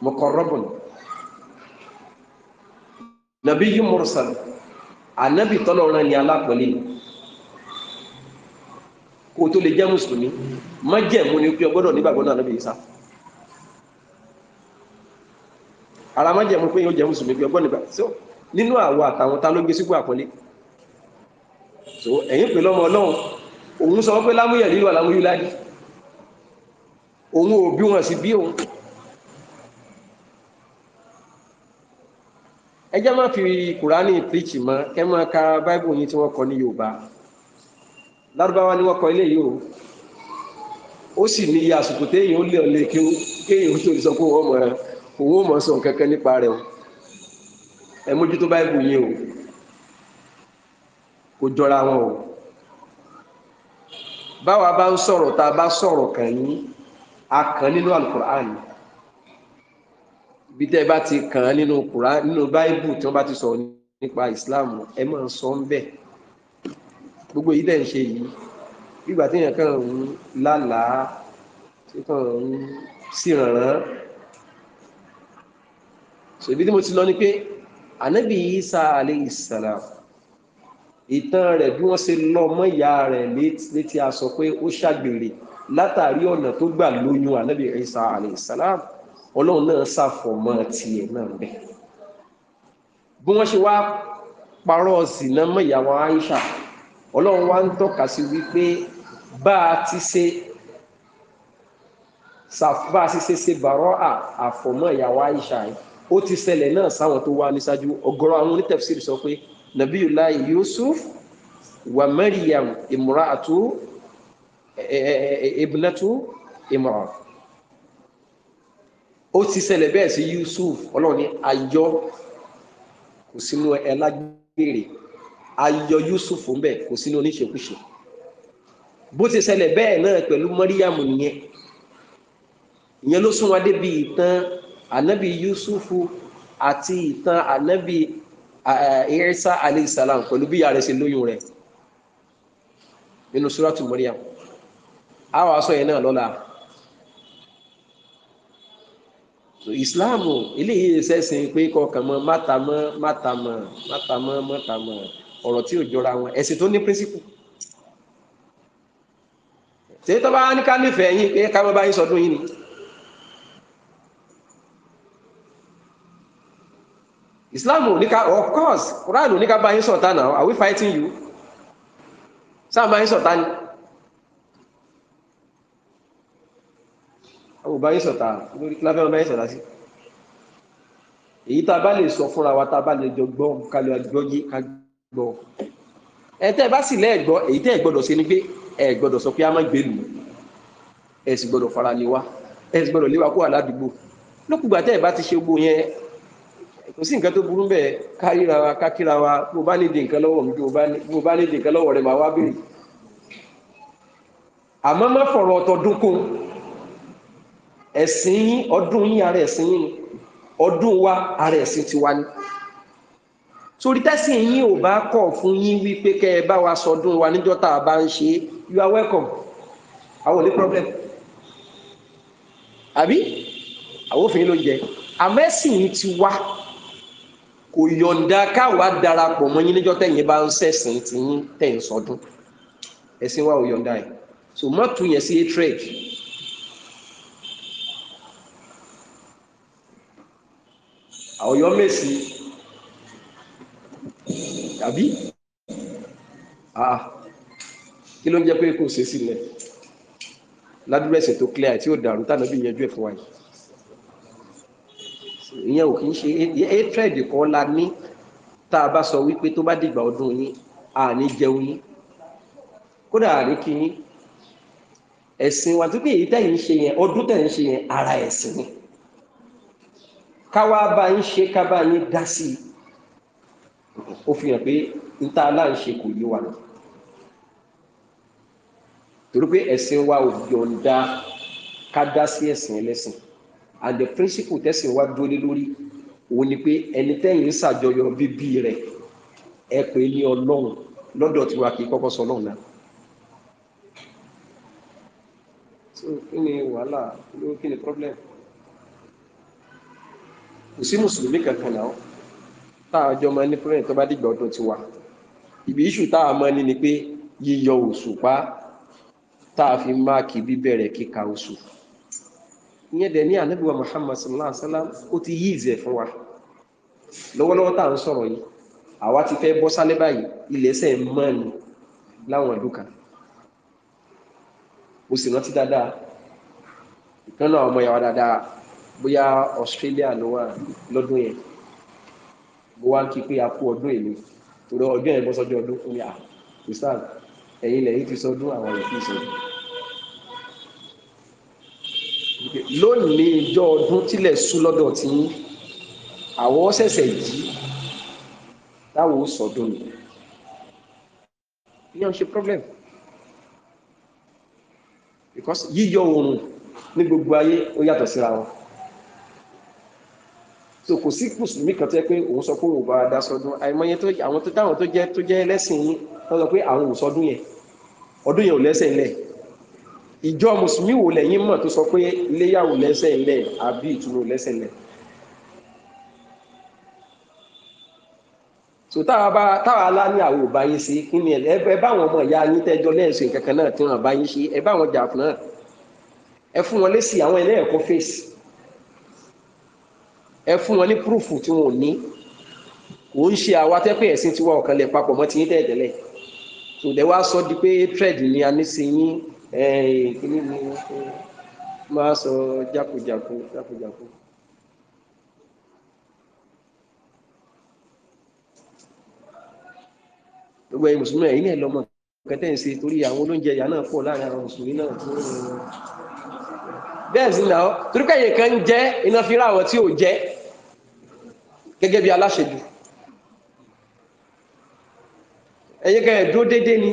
muqarrabun nabiyun mursal anabi tọ́lọ̀ rán ni alápọ̀lẹ́ kó tó lè jẹ́ mùsùlùmí má jẹ́ mú ni pé ọgbọ́dọ̀ nígbàgbọ́ náà níbi ìsá ara má jẹ́ mú pé yóò jẹ́ mùsùlùmí pé ọgbọ́n nígbà so nínú àwọ àtàwọn ta ló gbé sípò àpọ́nlé so ẹ̀yìn pè lọ́mọ ọlọ́run òun sọ pé lámúyẹ̀ lílọ àlámúyú ládìí òun ò bí wọn sí bí òun ẹjẹ́ má fi kùránì píríkì mọ́ ẹ máa ka báíbù yín tí wọ́n kọ ní yorùbá lárúbáwá ni wọ́n kọ ilé yìí o ó sì ní iye àsìkò téèyàn ó lé ọ̀lẹ́ kéèyàn ó tó sọ pé òun ọmọ òun ọmọ sọ nǹkan nípa rẹ̀ o ẹ mójútó báíbù yín o kò jọra wọn o báwa bá ń sọ̀rọ̀ tá bá sọ̀rọ̀ kàn yín akàn nínú alukur'an bí tẹ́ bá ti kàn án nínú kùrán nínú báíbù tí wọ́n bá ti sọ nípa islam ẹ máa ń sọ ń bẹ̀ gbogbo èyí tẹ́ ń ṣe yìí nígbà tí èèyàn kàn ń lálàá tí kàn ń sìrànràn ṣèbí tí mo ti lọ ni pé ànábì Isa alayhi salam ìtàn rẹ̀ bí wọ́n ṣe lọ mọ́ ìyá rẹ̀ létí a sọ pé ó ṣàgbèrè látàrí ọ̀nà tó gbà lóyún ànábì Ìsá àlèsàlám ọlọ́run náà ṣàfọ̀mọ́ tiẹ̀ náà bẹ̀. bí wọ́n ṣe wá parọ́ sínà mọ́ ìyàwó Aisha ọlọ́run wá ń tọ́ka sí wípé bá a ti ṣe bá a ti ṣe ṣe bàrọ́ àfọ̀mọ́ ìyàwó Aisha yìí ó ti ṣẹlẹ̀ náà sáwọn tó wá níṣáájú ọ̀gọ̀rọ̀ àwọn onítẹ̀fsírì sọ pé Nabiyullahi Yusuf wa Maryam imra'atu ibnatu imran ó ti ṣẹlẹ̀ bẹ́ẹ̀ sí Yusuf ọlọ́run ní Ayọ, kò sínú ẹlágbèrè Ayọ Yusuf ń bẹ kò sínú oníṣekúṣe bó ti ṣẹlẹ̀ bẹ́ẹ̀ náà pẹ̀lú Mọ́ríyàmù nìyẹn ìyẹn ló sún wa débi ìtàn ànábì Yusuf àti ìtàn ànábì Isa aleyhisalam pẹ̀lú bí ìyá rẹ̀ ṣe lóyún rẹ̀ nínú súrátù Mọ́ríyàmù a wàá sọ yẹn náà lọ́la ìsìláàmù eléyìí sẹ́sìn pé kọkàn mọ́ mátamọ́ mátamọ́ mátamọ́ mátamọ́ ọ̀rọ̀ tí ò jọra wọn ẹ̀sìn tó ní píríncípù tèyí tó bá ní ká nífẹ̀ẹ́ yín pé ká bá yín sọdún yín ni. Islam ò of course Quran ò ní ká bá yín sọ̀tá náà are we fighting you? sáà bá yín sọ̀tá ni. ò bá yín sọ̀tà lórí kíláfẹ́ ọba yín sọ̀tà sí. èyí tá a bá lè sọ fúnra wa tá a bá lè jọ gbọ́ ká lè jọ yé ká gbọ́. ẹ tẹ́ ẹ bá sì lẹ́ẹ̀gbọ́ èyí tẹ́ ẹ gbọ́dọ̀ ṣe ni pé ẹ gbọ́dọ̀ sọ pé a má gbé lù ẹ sì gbọ́dọ̀ fara lé wa ẹ sì gbọ́dọ̀ lé wa kó wà ládùúgbò lókùgbà tẹ́ ẹ bá ti ṣe gbogbo yẹn kò sí nǹkan tó burú bẹ́ẹ̀ káríra wa kákíra wa bó bá nídìí nǹkan lọ́wọ́ mi bó bá nídìí nǹkan lọ́wọ́ rẹ̀ ẹ̀sìn yín ọdún yín ara ẹ̀sìn yín ni ọdún wa ara ẹ̀sìn tiwa ni torí tẹ́sìn yín ò bá kọ̀ fún yín wípé kẹ́ ẹ bá wa sọdún wa níjọ́ tá a bá ń ṣe you are welcome àwọn ò ní problem àbí àwọn òfin ló jẹ àmọ́ ẹ̀sìn yín ti wá kò yọ̀ǹda káwa darapọ̀ mọ́ yín níjọ́ tẹ̀yìn bá ń ṣẹ̀sìn tí yín tẹ̀ ń sọdún ẹ̀sìn wa ò yọ̀ǹda ẹ̀ so mọ́tò yẹn sí trade. Ọ̀yọ́mèsì tàbí ah, kí ló ń jẹ́ pé kò ṣe sílẹ̀ ládùúgbẹ̀sì tó clear tí ó dàrú tàbí bí ìyẹjú ẹ̀ fún wa yìí ìyẹn ò kì í ṣe hatred kan la ní tá a bá sọ wípé tó bá dìgbà ọdún yín àní jẹun yín kódà àní kí yín ẹ̀sìn wa tó pé èyí tẹ̀yìn ṣe yẹn ọdún tẹ̀yìn ṣe yẹn ara ẹ̀sìn ni káwá bá ń ṣe kábà yín dá sí i ó fi hàn pé n ta aláǹṣe kò yé wa torí pé ẹ̀sìn wa ò yọ̀ǹda ká dá sí ẹ̀sìn ẹlẹ́sìn and the principle tẹ̀sìn wa dúró lórí òun ni pé ẹni tẹ́yìn ń ṣàjọyọ̀ bíbí rẹ̀ ẹ pè é ní ọlọ́run lọ́dọ̀ tiwa kì í kọ́kọ́ sọ ọlọ́run náà so kí ni wàhálà kí ni problem kò sí mùsùlùmí kankan náà táà jọ máa ní pírẹ́ǹtì tó bá dìgbà ọdún ti wà ibi iṣu táà máa ní ni pé yíyọ òṣùpá táà fi máàkì bíbẹ̀rẹ̀ kíka oṣù ìyẹn dẹ̀ ní ànábìwá Muhammad sallallahu alaihi wa sallam ó ti yí ìzẹ̀ fún wa lọ́wọ́lọ́wọ́ táà ń sọ̀rọ̀ yìí àwa ti fẹ́ bọ́ sálẹ́ báyìí ilẹ̀ ẹsẹ̀ mọ́ ni láwọn ìlú kan mo sì rántí dáadáa ìkan ọmọ ìyàwó dáadáa bóyá Australia ló wà lọ́dún yẹn mo wá kí pé a kú ọdún èmi torí ọjọ́ yẹn bọ́ sọ́jọ́ ọdún fún mi à ah, christian ẹ̀yin lẹ́yìn ti sọdún àwọn rẹ̀ fi sọdún. lónìí ìjọ ọdún tilẹ̀ sú lọ́dọ̀ tí àwọn ṣẹ̀ṣẹ̀ jí táwọn ó sọdún ni ìyẹn ṣe problem because yíyọ oòrùn ní gbogbo ayé ó yàtọ̀ síra wọn so kò sí mùsùlùmí kan tó yẹ pé òun sọ pé òun bá dá sọdún àìmọye tó àwọn tó táwọn tó jẹ tó jẹ lẹ́sìn yín wọ́n sọ pé àwọn ò sọdún yẹn ọdún yẹn ò lẹ́sẹ̀ ńlẹ̀ ìjọ mùsùlùmí wo lẹ́yìn mọ̀ tó sọ pé iléyà ò lẹ́sẹ̀ ńlẹ̀ àbí ìtúnu ò lẹ́sẹ̀ ńlẹ̀ so táwa bá táwa lá ní àwọn ò bá yín sí kí ni ẹ bá àwọn ọmọ ìyá yín tẹ́jọ lẹ́sìn kankan náà tí wọ́n bá yín ṣe ẹ bá àwọn jà náà ẹ fún wọn lésì àwọn ẹlẹ́ẹ̀kọ́ fèsì ẹ fún wọn ní púrúfù tí wọn ò ní kò ń ṣe àwa tẹ́pẹ́ ẹ̀sìn tiwa ọ̀kan lẹ̀ papọ̀ mọ́ ti yín tẹ̀tẹ̀lẹ̀ tó dẹ̀ wá sọ di pé trade ni a ní sí yín kíní ni máa sọ jákujàku jákujàku. gbogbo ẹ̀yin mùsùlùmí ẹ̀yin náà lọ́mọ kẹtẹ́ ń ṣe torí àwọn olóúnjẹ ìyá náà pọ̀ láàrin àwọn mùsùlùmí náà tó ń bẹ́ẹ̀ sí náà torí pé ẹ̀yìn kan ń jẹ́ iná fi ra àwọn tí ò jẹ́ gẹ́gẹ́ bí aláṣejù ẹ̀yẹ́ kẹ́ ẹ̀dúró dédé ni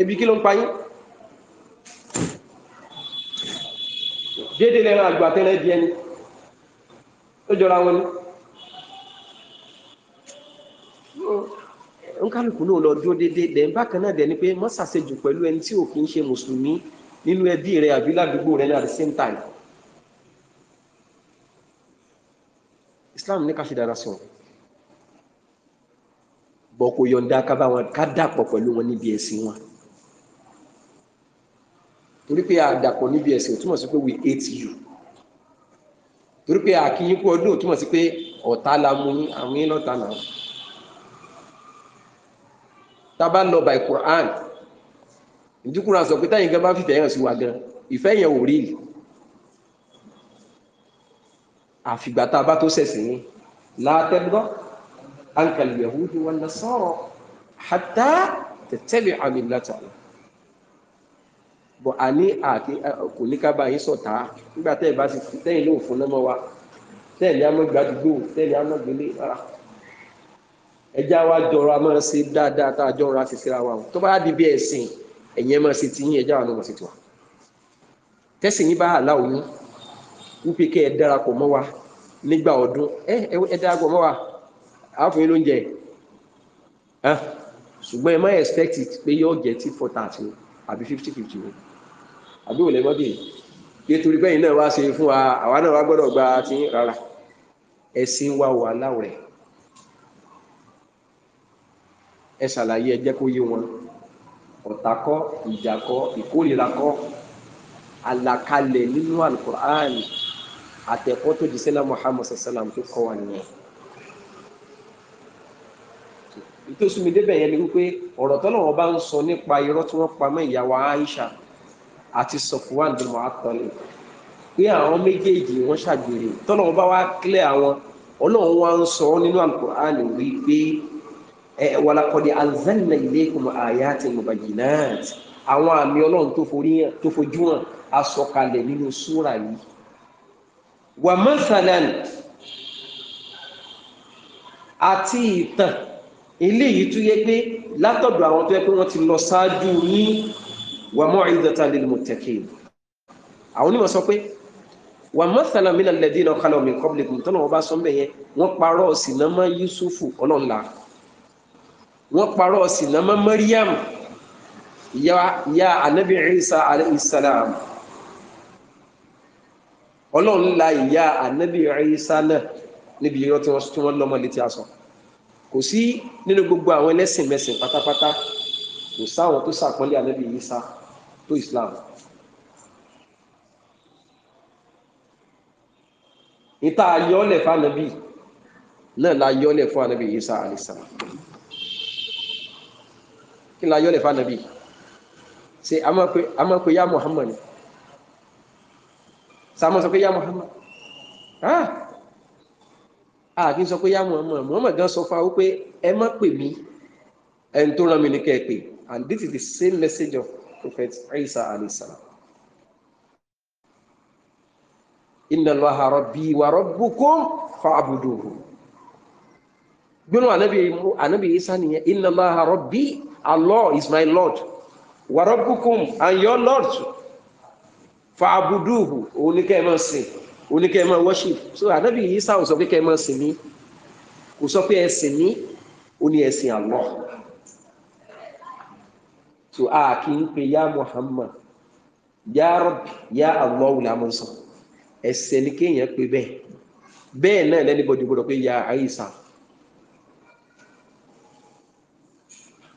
ebi kí ló ń pa yín dédé lẹ́ran àgbà tẹ́lẹ̀ di ẹni ó jọra wọn ni nkálukú náà lọ dúró dédé dẹ̀ bákan náà dẹ̀ ni pé mọ́sàsẹ́jù pẹ̀lú ẹni tí ò kí ń ṣe mùsùlùmí nínú ẹbí rẹ̀ àbí ládùúgbò rẹ̀ ní at the same time islam ní ká ṣe dára sí wọn kò yọ̀ǹda bá wọn ká dàpọ̀ pẹ̀lú wọn níbi ẹ̀sìn wọn torí pé àdàpọ̀ níbi ẹ̀sìn ò sí pé we hate you torí pé àkíyín kú ọdún sí pé la mú àwọn yín náà lọ by Quran ìdíkùnrin pé táyìn gan bá fìfẹ́ yẹn sí wa gan ìfẹ́ yẹn ò àfìgbà tá a bá tó sẹ̀sìn ní látẹ́gbọ́ ankal yahudi wan nasara hatta tẹ̀tẹ̀lẹ̀ amílátà bọ̀ a ní àti kò ní ká bá yín sọ̀tá nígbà tẹ́ ẹ̀ bá ti tẹ́yìn lóò fún lọ́mọ wa tẹ́ẹ̀lì amọ́gbàdúgbò tẹ́ẹ̀lì amọ́gbélé rárá ẹjá wa jọra máa ṣe dáadáa tá a jọra ṣe síra wa tó bá di bí ẹ̀sìn ẹ̀yẹn máa ṣe tiyín ẹjá wa náà máa ṣe tiwa tẹ́sìn yín bá àláwọ̀ wípé kẹ́ ẹ darapọ̀ mọ́ wa nígbà ọdún ẹ ẹ darapọ̀ mọ́ wa àáfin ló ń jẹ ẹ ṣùgbọ́n ẹ má expect it pé yóò jẹ tí four thirty àbí fifty fifty o àbí òun lè mọ́ bìí pé torí pẹ́yìn náà wá ṣe fún wa àwa náà wá gbọ́dọ̀ gba ti rárá ẹ̀sìn wa wà láwùrẹ̀ ẹ ṣàlàyé ẹ kó yé wọn ọ̀tá kọ́ ìkórìíra kọ́ àlàkalẹ̀ nínú alukur'an àtẹ̀kọ́ tó jíṣẹ́ lá Muhammad sallam tó kọ́ wa nìyẹn ìtòsùnmí débẹ̀ yẹn ni wípé ọ̀rọ̀ tọ́lọ́wọ́n bá ń sọ nípa irọ́ tí wọ́n pa mọ́ ìyàwó Aisha àti Safwan bin Mu'attal pé àwọn méjèèjì wọ́n ṣàgbèrè tọ́lọ́wọ́n bá wá kílẹ̀ àwọn ọlọ́run wá ń sọ nínú Al-Qur'an wípé walaqadi anzalna ilaykum ayatin mubayyinat àwọn àmì ọlọ́run tó fojú hàn a nínú súra yìí wà mọ́sálàn àti ìtàn eléyìí tó yẹ pé látọ̀dọ̀ àwọn tó yẹ pé wọ́n ti lọ ṣáájú ní wà mọ́ ìdọ̀tà lil muttaqin àwọn onímọ̀ sọ pé wà mọ́sálàn mílẹ̀ lẹ́dí náà kálọ̀ mi kọ́bìlìkùn tọ́nà wọn bá sọ ọlọ́run la ìyá ànábì Ìsá náà níbi irọ́ tí wọ́n tún wọ́n lọ́mọ létí aṣọ kò sí nínú gbogbo àwọn ẹlẹ́sìn mẹ́sìn pátápátá kò sáwọn tó sàpọ́nlé ànábì Ìsá tó Islam. ìta ayọ́lẹ̀ fún ànábì náà la yọ́lẹ̀ fún ànábì Ìsá àlìsà kí la yọ́lẹ̀ fún ànábì ṣe a máa pe ya Muhammad sàmọ́ sọ pé yá Muhammad ah kí n sọ pé yá Muhammad Muhammad gan sọ fún wa pé ẹ má pè mí ẹni tó rán mi ní kẹ́ ẹ pè and this is the same message of Prophet Isa alayhi salam inna Allaha rabbi wa rabbukum fa'buduhu gbẹ́nu ànábì Isa nìyẹn inna Allaha rabbi Allah is my Lord wa rabbukum and your Lord too fàbùdùhù òun ní kẹ́ẹ̀ máa sìn òun ní kẹ́ẹ̀ máa worship so ànábì Ìsá ò sọ pé kẹ́ẹ̀ máa sìn mí kò sọ pé ẹ mí ó ní ẹ sìn so a kì í pe ya Muhammad ya Rabbi ya Allah la mọ̀ sọ ẹsẹ̀ ní kéèyàn pé bẹ́ẹ̀ bẹ́ẹ̀ náà lẹ́ni bọ́dí gbọ́dọ̀ pé ya Ìsá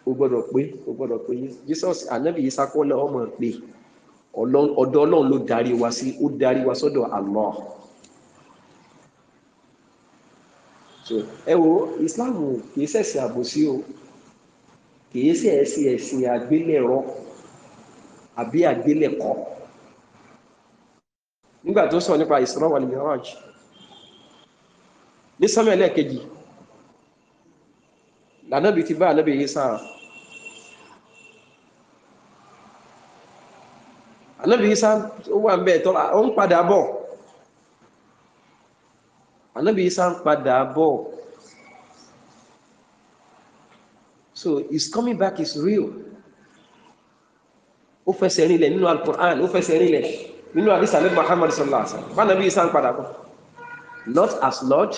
o gbọ́dọ̀ pé o gbọ́dọ̀ pé Jesus ànábì Ìsá kọ́ náà ọmọ pé. ọdọ ọlọ́run ló darí wa sí ó darí wa sọ́dọ̀ Allah so ẹ wo Islam kìí ṣẹ̀sìn àbòsí o kìí ṣe ẹ̀sìn rọ àbí àgbélẹ̀kọ nígbà tó sọ nípa Isra wal ní sọ́mọ̀ ẹlẹ́ẹ̀kejì lànà ti bá ànábìyí sáà ànábì Ìsá ó wà bẹ́ẹ̀ tọ́ ó ń padà bọ̀ ànábì Ìsá ń padà bọ̀ so his coming back is real ó fẹsẹ̀ rinlẹ̀ nínú alukur'an ó fẹsẹ̀ rinlẹ̀ nínú àdìsá ní Muhammad sallallahu alaihi wa sallam bánabi Ìsá ń padà bọ̀ not as Lord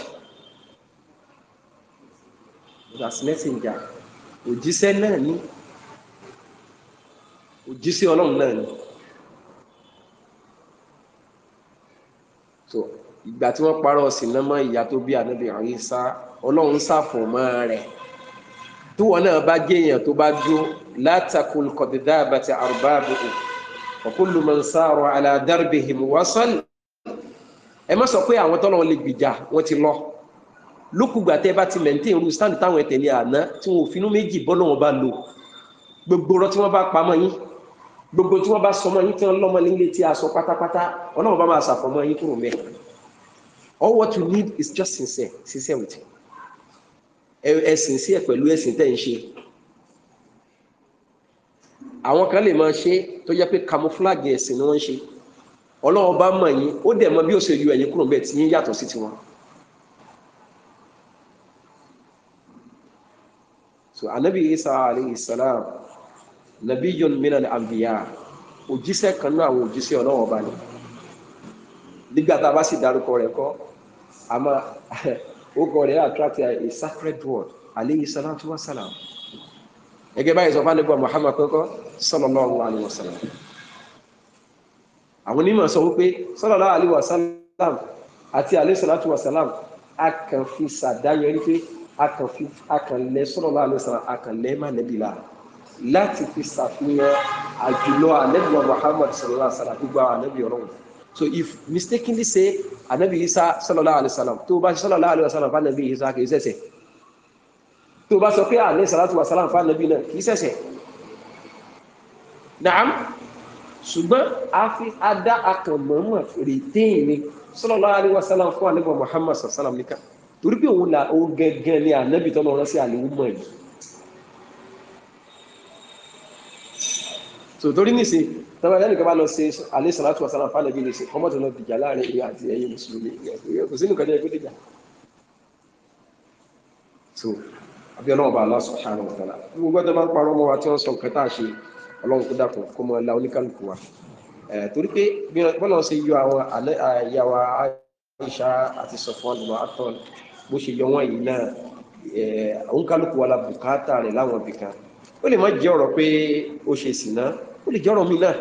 but as messenger òjíṣẹ́ náà ni òjíṣẹ́ ọlọ́run náà ni. so ìgbà tí wọ́n parọ́ sinamọ ìyá tó bí anabi Ìsá Ọlọ́run ṣàfọ̀mọ́ rẹ̀ tí wọn náà bá géèyàn tó bá jó látàkùn kọdídá àbàtì àrùbáàbò ọkùnlù mọ̀nsáàrọ aládàrbìhìm wọ́sán ẹ má sọ pé àwọn tọ́lọ́ lè gbìjà wọ́n ti lọ lókùgbà tẹ́ bá ti mẹ̀ntẹ́ irú sáǹdì táwọn ẹ̀tẹ̀lẹ̀ àná tí wọn ò finú méjì bọ́ lọ́wọ́ bá lò gbogbo rọ tí wọ́n bá pamọ́ yín gbogbo tí wọ́n bá sọmọ yín tán lọ́mọ nílé tí a sọ pátápátá ọlọ́run bá máa ṣàfọmọ yín kúrò mẹ́ all what you need is just sincere sincerity ẹ sincere pẹ̀lú ẹ̀sìn tẹ́ ń ṣe àwọn kan lè máa ṣe tó jẹ́ pé camouflage ẹ̀sìn ni wọ́n ń ṣe ọlọ́run bá mọ̀ yín ó dẹ̀ mọ̀ bí ó ṣe yọ ẹ̀yìn kúrò bẹ́ẹ̀ tí yín yàtọ̀ sí tiwọn. so anabi isa alayhi salam nabiyyun minal anbiya òjíṣẹ́ kan náà àwọn òjíṣẹ́ Ọlọ́run ọba ni nígbà tá a bá sì dárúkọ rẹ̀ kọ́ àmọ́ orúkọ rẹ̀ attract a sacred word alayhi salatu wa salam gẹ́gẹ́ báyìí sọ fún àdébọ̀ Muhammad kọ́kọ́ sallallahu alayhi wa sallam àwọn onímọ̀ sọ wípé sallallahu alayhi wa sallam àti alayhi salatu wa salam a kàn fi sàdáyọ̀ wípé a kàn lẹ́ sallallahu alayhi wa sallam a kàn lẹ́ má nẹ́bí láti fi ṣàfihàn àjùlọ anabi wa muhammad sallallahu alaihi wasallam. gbogbo àwọn anabi ọlọ́run so if mistakenly say anabi isa sallallahu alaihi wasallam, sallam tó bá sallallahu alaihi wasallam sallam fún anabi isa kì í ṣẹ̀ṣẹ̀ tó o bá sọ pé alaihi salatu wa sallam fún anabi náà kì í ṣẹ̀ṣẹ̀ naam ṣùgbọ́n a fi adá akànmọ́mọ́ rìtẹ́yìn ni sallallahu alaihi wasallam fún ànábì Muhammad sallallahu alaihi wasallam nìkan torí pé òun gẹ́gẹ́ ní ànábì tọ́lọ́rọ́ sí àlèwọ́mọ̀ so torí nìsín tọ́ba ẹ̀dá nìkan bá lọ ṣe alẹ́ sàlátù àsàlà fún àlẹ́bí nìsín ọmọ tó lọ dìjà láàrin ìyá àti ẹ̀yìn mùsùlùmí kò sí nìkan tó yẹ kó dìjà so àbí ọlọ́run bá aláṣọ ṣàánú ọ̀tàlá gbogbo ọjọ́ máa ń parọ́ mọ́ wa tí wọ́n sọ nǹkan tá a ṣe ọlọ́run kó dàpọ̀ kó mọ ẹ̀la oníkálukú wa torí pé bọ́lá ṣe yọ àwọn ìyàwó Aisha àti Safwan lọ àtọ́ bó ṣe yọ wọ́n yìí náà oníkálukú wa la bùkátà rẹ̀ láwọn ibì kan ó lè má jẹ́ ọ̀rọ̀ pé ó ṣe sìná ó lè jọ́rọ̀ mi náà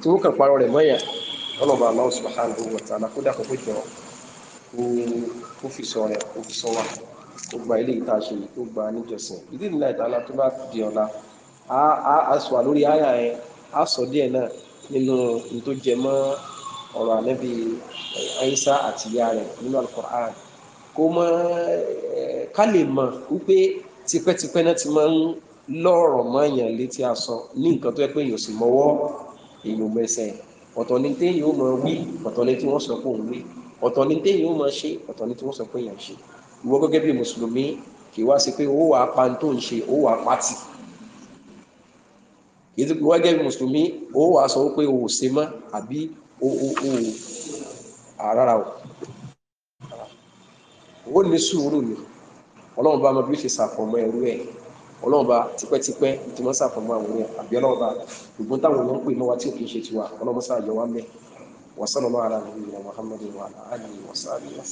tí wọ́n kàn parọ́ rẹ̀ mọ́yà ọlọ́ba Allah subhanahu wa ta'ala kó dà kókó jọ kó fi sọ rẹ̀ kó fi sọ wa kó gba ilé ìta ṣe kó gba níjọsìn ìdí nìlá ìtàlá tó bá di ọ̀la a sọ lórí àyà yẹn a sọ díẹ̀ náà nínú tó jẹ mọ́ ọ̀rọ̀ ànábì Ìsá àti ìyá rẹ̀ nínú Al-Qur'an kó mọ́ ká lè mọ̀ wípé tipẹ́tipẹ́ náà ti máa ń lọ́rọ̀ mọ́ èèyàn létí aṣọ ní nǹkan tó yẹ pé èèyàn sì mọ́wọ́ èèyàn mẹsẹ̀ ọ̀tọ̀ ni téèyàn ó máa wí ọ̀tọ̀ ni tí wọ́n sọ pé òun wí ọ̀tọ̀ ni téèyàn ó máa ṣe ọ̀tọ̀ ni tí wọ́n sọ pé èèyàn ṣe ìwọ gẹ́gẹ́ bí mùsùlùmí kì í wá sí pé ó wàá pa tó ń ṣe ó wàá pátì kì í ti wá gẹ́gẹ́ bí mùsùlùmí ó wàá sọ pé o ò ṣe mọ́ àbí o o o àrárá o ó ní sùúrù ni ọlọ́run bá máa bí ó ṣe ṣàfọ̀mọ́ ẹrú ẹ̀ ọlọ́run bá tipẹ́tipẹ́ tí wọ́n sàfọ̀mọ́ àwọn yẹn àbí ọlọ́run bá gbogbo táwọn yẹn ń pè lọ́wọ́ tí ò kì í ṣe tiwa ọlọ́run sá yọ wá mẹ́ wasallu ala nabiyina muhammadin wa ala alihi wa sahbihi wa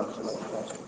sallam assalamu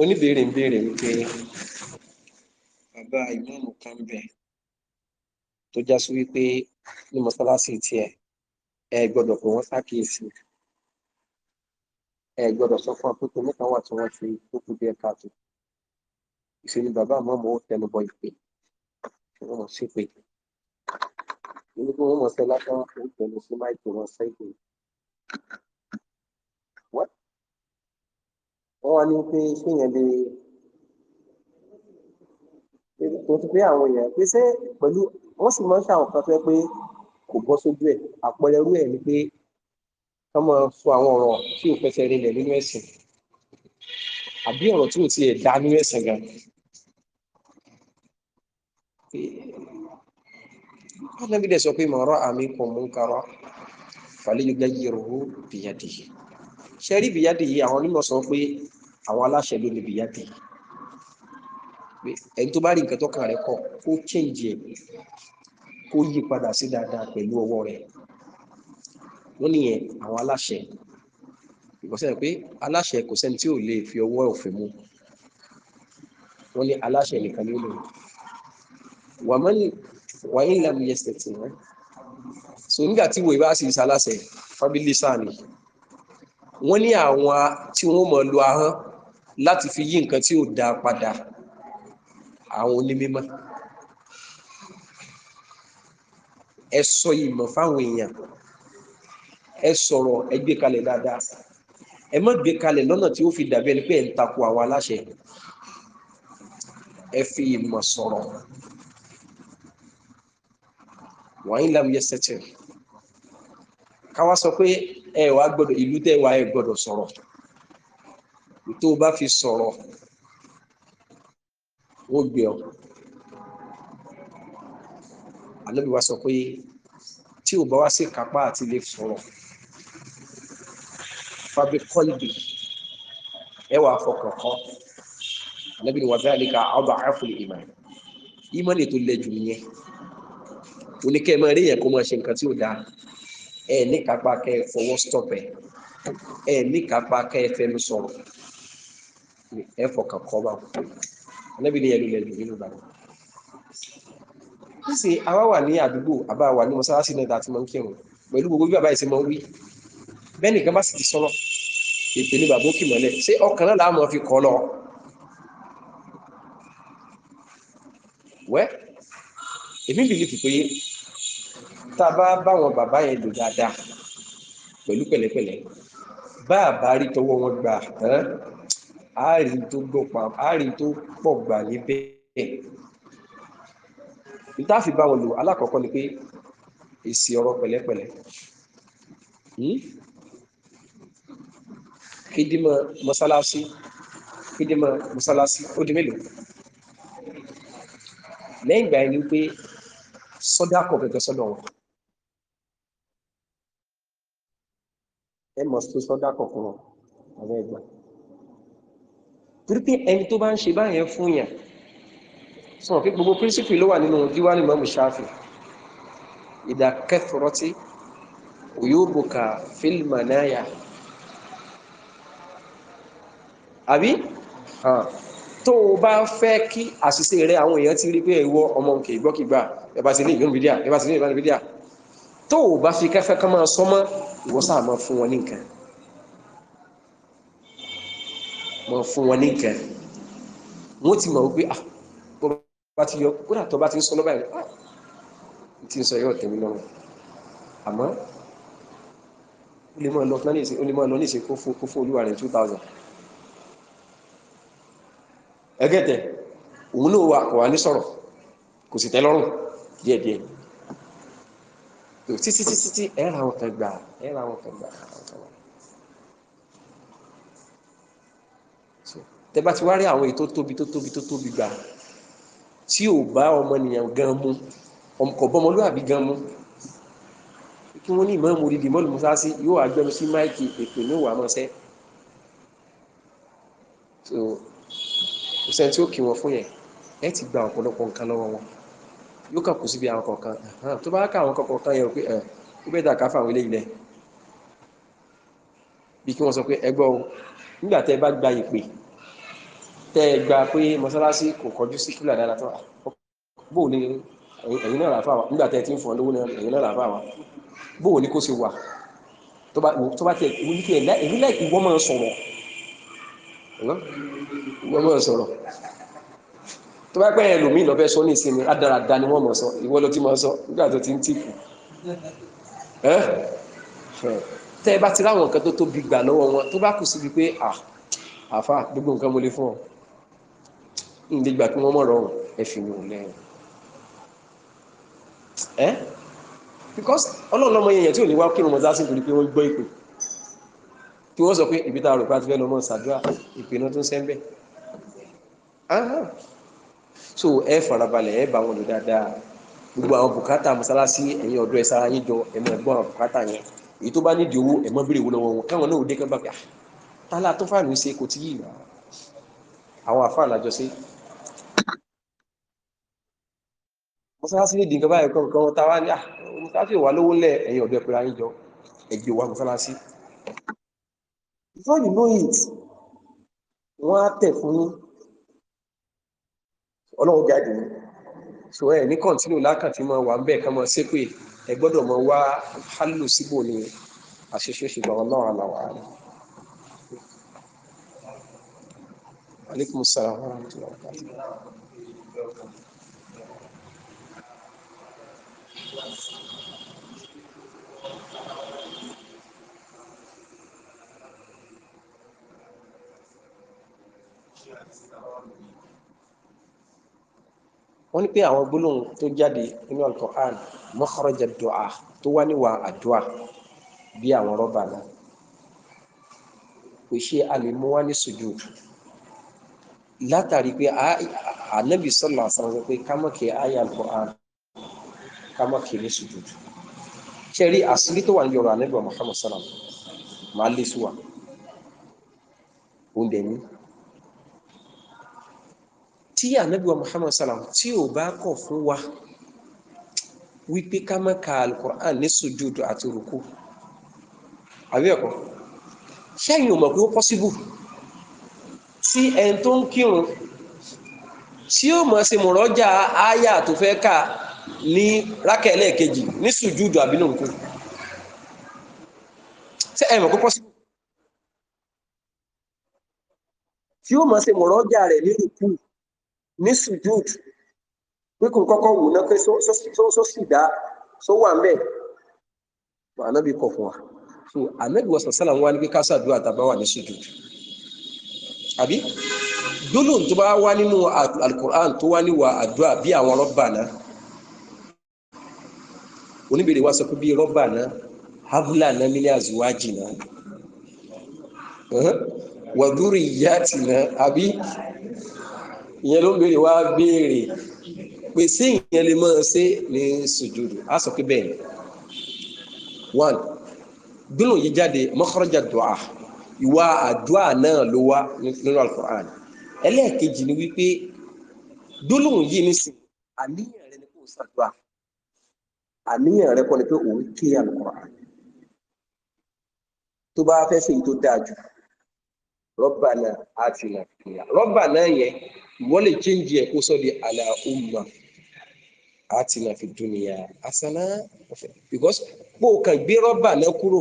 oníbèrè ń béèrè wípé bàbá ìmáàmù kan bẹ tó já sí wípé ní mọ́sálásí tiẹ̀ ẹ gbọ́dọ̀ pé wọ́n ṣàkíyèsí ẹ gbọ́dọ̀ sọ fún apẹkọ mẹ́ta wà tí wọ́n ti tó kù díẹ̀ káàtó ìṣèlú bàbá ìmáàmù ó tẹnubọ ìpè wọ́n mọ sí pé nínú pé wọ́n mọ sẹ látàwọn ó tẹnu sí máìkì wọ́n sẹ́yìn wọ́n wá ní pé kéèyàn lè kò tún pé àwọn èèyàn pé ṣé pẹ̀lú wọ́n sì máa ń ṣàwọn kan tó yẹ pé kò bọ́ sójú ẹ̀ àpẹẹrẹ irú ẹ̀ ni pé ká máa sọ àwọn ọ̀rọ̀ tí ò fẹsẹ̀ rinlẹ̀ nínú ẹ̀sìn àbí ọ̀rọ̀ tí ò tiẹ̀ dá nínú ẹ̀sìn gan. Ànábì dẹ̀ sọ pé mọ̀ọ́rọ̀ àmì kò mú karọ́ fàlẹ́ yóò gbá yẹ̀rọ̀ ó bìyàdì yìí ṣẹ́rí ìbíyáde yìí àwọn onímọ̀ sọ pé àwọn aláṣẹ ló ní ìbíyáde ẹni tó bá rí nǹkan tọ́kàn rẹ̀ kọ̀ kó change ẹ̀ kó yí padà sí dáadáa pẹ̀lú ọwọ́ rẹ̀ wọ́n nìyẹn àwọn aláṣẹ ìgbọ̀nsẹ̀ pé aláṣẹ kò sẹ́ni tí ò lè fi ọwọ́ òfin mú wọ́n ní aláṣẹ nìkan ló lè wàyí ńlá mi yẹ sẹ̀tì rẹ̀ so nígbà tí wòye bá sì ń fábílì sáà nìyí wọ́n ní àwọn tí wọ́n mọ̀ lo ahọ́n láti fi yí nǹkan tí ò dá padà àwọn onímọ̀ ẹ sọ ìmọ̀ fáwọn èèyàn ẹ sọ̀rọ̀ ẹ gbé kalẹ̀ dáadáa ẹ má gbé kalẹ̀ lọ́nà tí ó fi dàbí ẹni pé ẹ ń takò àwọn aláṣẹ ẹ fi ìmọ̀ sọ̀rọ̀ wàá ń yẹ sẹ́tẹ̀rì káwá sọ pé ẹ wàá gbọ́dọ̀ ìlú tẹ wàá ẹ gbọ́dọ̀ sọ̀rọ̀ tó o bá fi sọ̀rọ̀ ó gbé ọ àlọ́bí wa sọ pé tí o bá wá sí kápá àti lè sọ̀rọ̀ fàbí kọ́lìbì ẹ wàá fọkàn kọ́ àlọ́bí wa bẹ́ẹ̀ ni ọba àfọlì ìmọ̀ ìmọ̀ ni tó lẹ́jù nìyẹn oníkẹ́ ẹ máa rí yẹn kó máa ṣe nǹkan tí ó dáa ẹ ní kápá kẹ ẹ fọwọ́ stop ẹ ẹ ní kápá kẹ ẹ fẹnu sọ̀rọ̀ ẹ fọkàn kọ́ bá wọn ẹnẹ́bí ni ẹnu lẹ́nu nínú ìgbà wọn. níṣẹ́ àwa wà ní àdúgbò àbá wà ní mọ́sálásí náà láti máa ń kírun pẹ̀lú gbogbo bí bàbá yìí ṣe máa ń wí bẹ́ẹ̀ nìkan bá sì ti sọ̀rọ̀ èpè ní bàbá òkè mọ́lẹ̀ ṣé ọkàn náà làá fi kọ́ lọ. wẹ́ èmi bìlì fi pé tá a bá báwọn bàbá yẹn lò dáadáa pẹ̀lú pẹ̀lẹ́pẹ̀lẹ́ bá a bá rí tọwọ́ wọn gbà tán á rí tó gbọ̀pá á rí tó pọ̀ gbà níbẹ̀ níta fi bá wọn lò alákọ̀ọ́kọ́ ni pé èsì ọ̀rọ̀ pẹ̀lẹ́pẹ̀lẹ́ hmm? kídímọ̀ mọ́sálásí kídímọ̀ mọ́sálásí ó di mélòó lẹ́yìn ìgbà yẹn ni pé sọ́dá kọ̀ sọ́dọ̀ wọn. ẹ mọ̀ sí sọ́dá kọ̀ọ̀kan àwọn ẹgbà torí pé ẹni tó bá ń ṣe báyẹn fún yàn sọ pé gbogbo pírísìpì ló wà nínú díwáni mọ́mù ṣáfì ìdákẹ́fọ́rọ́tì òyòbùkà fílmànáyà àbí tó o bá fẹ́ kí àṣìṣe rẹ àwọn èèyàn ti rí pé ìwọ ọmọ nkè gbọ́kígbà ẹ ní ìgbónbídíà ẹ tó o bá fi káfẹ́ ká máa sọ́mọ́ ìwọ sáà máa fún wọn ní máa fún wọn ní wọ́n ti mọ̀ wípé ah tó bá ti yọ kódà tó bá ti ń sọ lọ́bàá yẹn ah ti ń sọ yóò tẹ̀mí lọ́rùn àmọ́ ó lè máa lọ fún ẹnìyẹsẹ ó lè máa lọ ní ìsìnkú kó fún olúwa rẹ̀ two thousand ẹgẹ́tẹ̀ òun náà wà ní sọ̀rọ̀ kò sì tẹ́ lọ́rùn díẹ̀díẹ̀ tó títí títí tí ẹ ra àwọn kan gbà ẹ ra àwọn kan gbà àwọn kan wà. tẹ bá ti wá rí àwọn èyí tó tóbi tó tóbi tó tóbi gbà tí ò bá ọmọnìyàn gan mu ọmọkọ̀ bọ́mọlúwàbí gan mu kí wọ́n ní ìmọ̀ọ́mù odidi mọ́lù mọ́sáàsì yóò agbẹnu sí máìkì èpè ní òwà mọ́sẹ́ so kò sẹ́ni tí ó kí wọn fún yẹn ẹ ti gba ọ̀pọ̀lọpọ̀ nǹkan lọ́wọ́ wọn yóò kàn kù síbi àwọn kọ̀ọ̀kan tó bá ká àwọn kọ̀ọ̀kan yẹn rò pé ó bẹ́ẹ̀ dà ká fáwọn eléyìí lẹ̀ bí kí wọ́n sọ pé ẹgbọ́ o nígbà tẹ́ ẹ bá gba ìpè tẹ́ ẹ gba pé mọ́sálásí kò kọjú sí kílà dáadáa tó bóò ni ẹ̀yin náà làáfà wa nígbà tẹ́ ẹ ti ń fọ́n lówó náà ẹ̀yin náà làáfà wa bóò ni kó ṣe wà tó bá tẹ èmi láì ìwọ́n máa sọ̀rọ̀ ìwọ́n máa sọ̀rọ̀ tó bá pẹ́ ẹlòmíì lọ́fẹ́ sọ ní ìsinmi rádaràda ni wọ́n mọ̀ sọ ìwọ ló ti mọ̀ sọ nígbà tó ti ń tìkù tẹ́ ẹ bá ti ráwọn nǹkan tó tóbi gbà lọ́wọ́ wọn tó bá kù síbi pé àfa gbogbo nǹkan mo lè fún ọ ǹdí gbà kí wọ́n mọ̀ rọrùn ẹ fi mi ò lẹ́yìn because ọlọ́run lọ́mọ yẹn tí ò ní wá kírun mọ́tà sí nítorí pé wọ́n gbọ́ ìpè tí wọ́n sọ pé ìbí tá a rò pé a ti fẹ́ lọ́mọ ṣàdúrà ìpè náà tó sẹ́ńbẹ̀ so ẹ farabalẹ̀ ẹ bá wọn lò dáadáa gbogbo àwọn bùkátà mọ́sálásí ẹ̀yin ọ̀dọ́ ẹ sára yín jọ ẹ mọ ẹgbọ́n àwọn bùkátà yẹn èyí tó bá nídìí owó ẹ mọ bèrè owó lọ́wọ́ wọn káwọn náà ò dé kán bá gbà tálá tó fà mí ṣe kò tí yìí àwọn àfáà làjọ ṣe. mọ́sálásí nídìí nǹkan báyìí kan kan táwa ní ah, mọ́sálásí wà lówó ńlẹ̀ ẹ̀yin ọ̀dọ́ ẹ̀pẹ̀rẹ̀ ayé jọ ẹ̀jẹ̀ wà mọ́sálásí. before you know it wọ́n á tẹ̀ fún yín ọlọ́run gáàdì ni so ẹ ní kọ́ńtínú lákàtí máa wà ń bẹ́ẹ̀ ká máa ṣépè ẹ gbọ́dọ̀ máa wá hálù síbò ni àṣeṣe ṣùgbọ́n ọlọ́run àlàwà rẹ̀. aleykum salaam wọ́n ní pé àwọn gbólóhùn tó jáde nínú al-Qur'an makhraja du'a tó wá níwà àdúà bí àwọn rọ́bà náà kò ṣe a lè mú wá ní sujud látàrí pé ànábì sallallahu alaihi wasallam pé kámọ́kì àyà al-Qur'an kámọ́kì ní sujud ṣẹ́rí àṣírí tó wà ní ọ̀rọ̀ ànábì Muhammad sallallahu alaihi wasallam máa lé sí oúnjẹ yìí tí ànábìwá muhammad salam tí ò bá kọ̀ fún wa wípé ká má ka alukur'an ní sojúdù àti rúkú àbí ẹ̀kọ́ ṣẹ́yìn ò mọ̀ pé ó pọ́síbù tí ẹni tó ń kírun tí ó mọ̀ sí mọ̀rọ́jà áyà tó fẹ́ kà ní rákẹ́lẹ̀ kejì ní sùjúdù àbí ní rúkú ṣé ẹ pé pọ́síbù tí ó mọ̀ sí mọ̀rọ́jà rẹ̀ ní rúkú ní sujud pé kò kọ́kọ́ wò ná pé sọ sì dá sọ wà mẹ́ wà nábì kọ̀ fún wa so ahmed wa sàlám wa ní pé kásá àdúrà tàbá wà ní sujud àbí gbólóhùn tó bá wá nínú alukur'an tó wá níwà àdúrà bí àwọn rọ́bà náà oníbèrè wa sọ pé bí rọ́bà náà habla náà mílẹ̀ àzúwájì náà wàdúrì yá tì náà àbí ìyẹn ló ń béèrè wá béèrè pé sí ìyẹn lè máa ṣe ní sùjúdù á sọ pé bẹ́ẹ̀ ni one gbólóhùn yìí jáde mọ́kọ́rọ́jà dùá ìwà àdúà náà ló wá nínú alukur'an ẹlẹ́ẹ̀kejì ni wípé gbólóhùn yìí ní sìn àníyàn rẹ ni kò ṣàdúà àníyàn rẹ kọ́ ni pé òun ké alukur'an tó bá fẹ́ ṣe èyí tó dáa jù rọ́bà náà á ti nà rọ́bà náà yẹn ìwọ lè change ẹ̀ kó sọ di àlà umma àti nà fi dunya asana because pò kàn gbé rọ́bà náà kúrò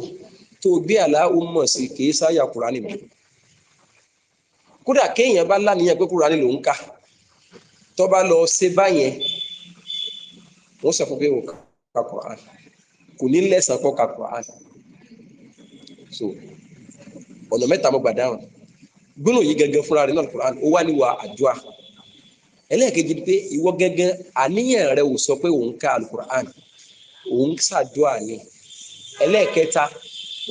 tó gbé àlà umma sí kìí sáyà kúránì mọ́ kódà kéèyàn bá láníyàn pé kúránì ló ń kà tó bá lọ ṣe báyẹn wọ́n sọ fún pé òun ka Quran kò ní lẹ́sàn-án kọ́ ka Quran so ọ̀nà mẹ́ta mo gbà dáhùn gbónà yìí gẹ́gẹ́ fúnra rẹ̀ náà Quran ó wà níwà àdúrà ẹlẹ́ẹ̀kejì pé ìwọ gẹ́gẹ́ àníyàn rẹ ò sọ pé òun ka alukur'an òun ṣàdúrà ni ẹlẹ́ẹ̀kẹta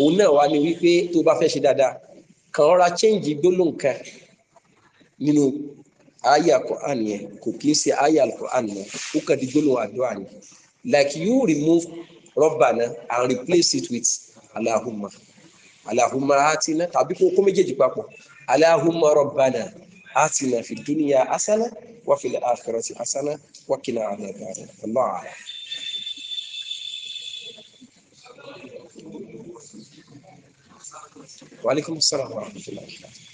òun náà wà ní wípé tó bá fẹ́ ṣe dáadáa kàn ọ́ra chẹ́ǹgì gbólóhùn kan nínú àyà Quran yẹn kò kí ń ṣe àyà alukur'an yẹn ó kàn di gbólóhùn àdúrà ni like you remove Rabbana and replace it with Allahumma Allahumma atina tàbí kó kó méjèèjì papọ̀ اللهم ربنا آتنا في الدنيا حسنة وفي الآخرة حسنة وقنا عذاب النار الله أعلم وعليكم السلام ورحمة الله وبركاته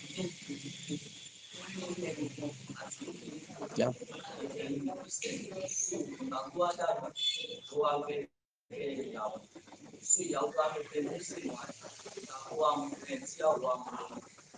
Yeah.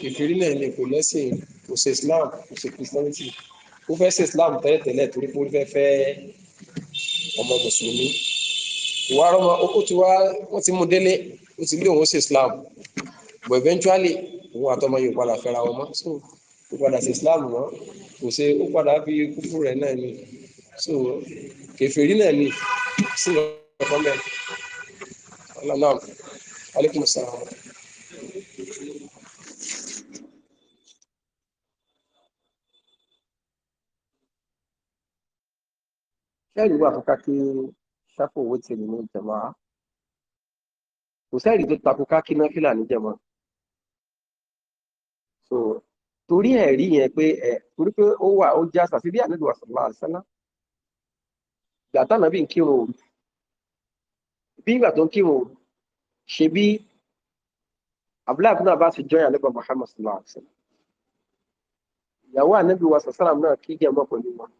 kèfèrí náà ni kò lẹ́sìn kò ṣe islam kò ṣe christianity ó fẹ́ ṣe islam tẹ́lẹ̀tẹ́lẹ̀ torí pé ó fẹ́ fẹ́ ọmọ mùsùlùmí ìwà ọmọ ó ti wá wọ́n ti mú délé ó ti lé òun ṣe islam but eventually òun àtọmọ yóò padà fẹ́ra wọn mọ́ so ó padà ṣe islam mọ́ kò ṣe ó padà fi kúfù rẹ̀ náà ni so kèfèrí ni sí ọkọ mẹ́rin. الله نعم عليكم السلام sẹ́ẹ̀rì wà fún kákí ṣáfò owó tèmi ní ìjẹ̀mọ́ á kò sẹ́ẹ̀rì tó takò kákí náà fìlà níjẹ̀mọ́ so torí ẹ̀rí yẹn pé ẹ̀ torí pé ó wà ó já sàṣírí ànílùwàsàn láàṣẹ́ náà gbàtà bí n kírun òru bí ìgbà tó ń kírun ṣe bí abdullahi abdullahi bá ti jọyà lẹ́gbàá muhammad sallallahu alaihi wa sallam ìyàwó ànábì wa sàsàràm náà kí jẹ́ ọmọ pẹ̀lú wọn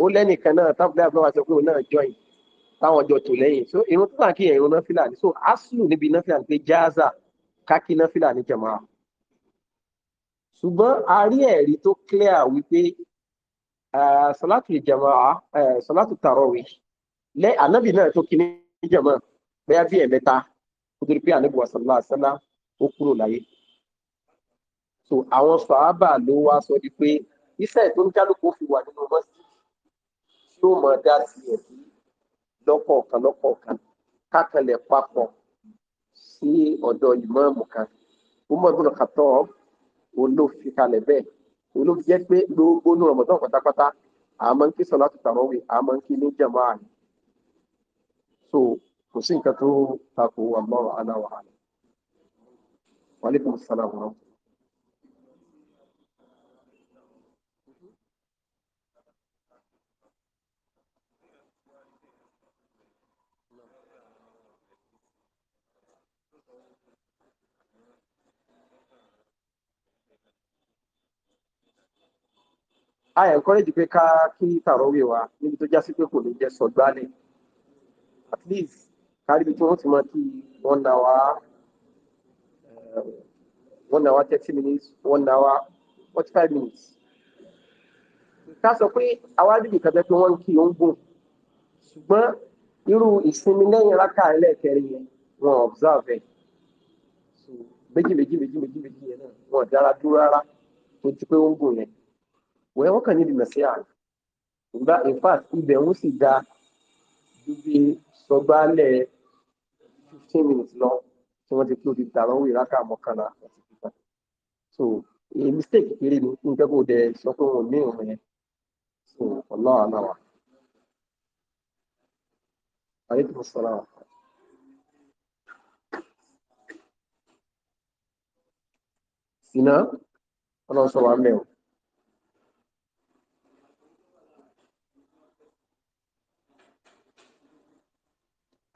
ó lẹ́nìkan náà tábìlẹ̀ abdullahi sọ pé òun náà jọyìn táwọn jọ tò lẹ́yìn so irun tó tàkì irun náfìlà ni so aslu níbi náfìlà ni pé jáàzà kákí náfìlà ní jàmáà ṣùgbọ́n a rí ẹ̀rí tó clear wípé salatu jàmáà salatu tarawih lẹ́ ànábì náà tó kí ní níjọ̀mọ́ bẹ́yà bí ẹ̀mẹ́ta kó torí pé ànábì wa sallallahu ó kúrò láyé so àwọn sàábà ló wá sọ di pé iṣẹ́ tó ń kálukú fi wà nínú mọ́sí tí ó mọ̀ dá sí ẹ̀bí lọ́kọ̀ọ̀kan lọ́kọ̀ọ̀kan kákanlẹ̀ papọ̀ sí ọ̀dọ̀ ìmọ̀ọ́mù kan Umar ibn Khattab òun ló kalẹ̀ bẹ́ẹ̀ òun jẹ́ pé gbogbo onú Ramadan pátápátá àmọ́ ń kí sọ̀látù tarawih àmọ́ ń kí ní jàmáà àná so kò sí nǹkan tó takò Allahu a'la wa a'lam wa alaykum assalam wa rahmatullah. a encourage pé ká kí tàrọ́wé wa níbi tó já pé kò ní jẹ́ sọ̀gbálẹ̀ at least kárí ibi tí wọ́n ti máa kí one hour one hour thirty minutes one hour forty five minutes. ká sọ pé àwa dìbò kan bẹ́ẹ̀ pé wọ́n ń kí ó ń gùn ṣùgbọ́n irú ìsinmi lẹ́yìn rákà ẹlẹ́ẹ̀kẹrin yẹn wọn observe ẹ̀ méjì méjì méjì méjì méjì yẹn náà wọn dára dúró rárá tó ju pé ó ń gùn yẹn wẹ́n wọ́n kàn ní ìdìmọ̀ sí àná in fact ibẹ̀ ń sì dáa ju bí sọgbálẹ̀ fifteen minutes lọ tí wọ́n ti kí o ti dàrọ́ wí rákà mọ́kànlá àti fífa so èyí mistake kékeré ni nǹkan kò dẹ̀ sọ pé wọn ò ní ìrùn yẹn so ọlọ́run àná wa. عليكم السلام سينا انا صلى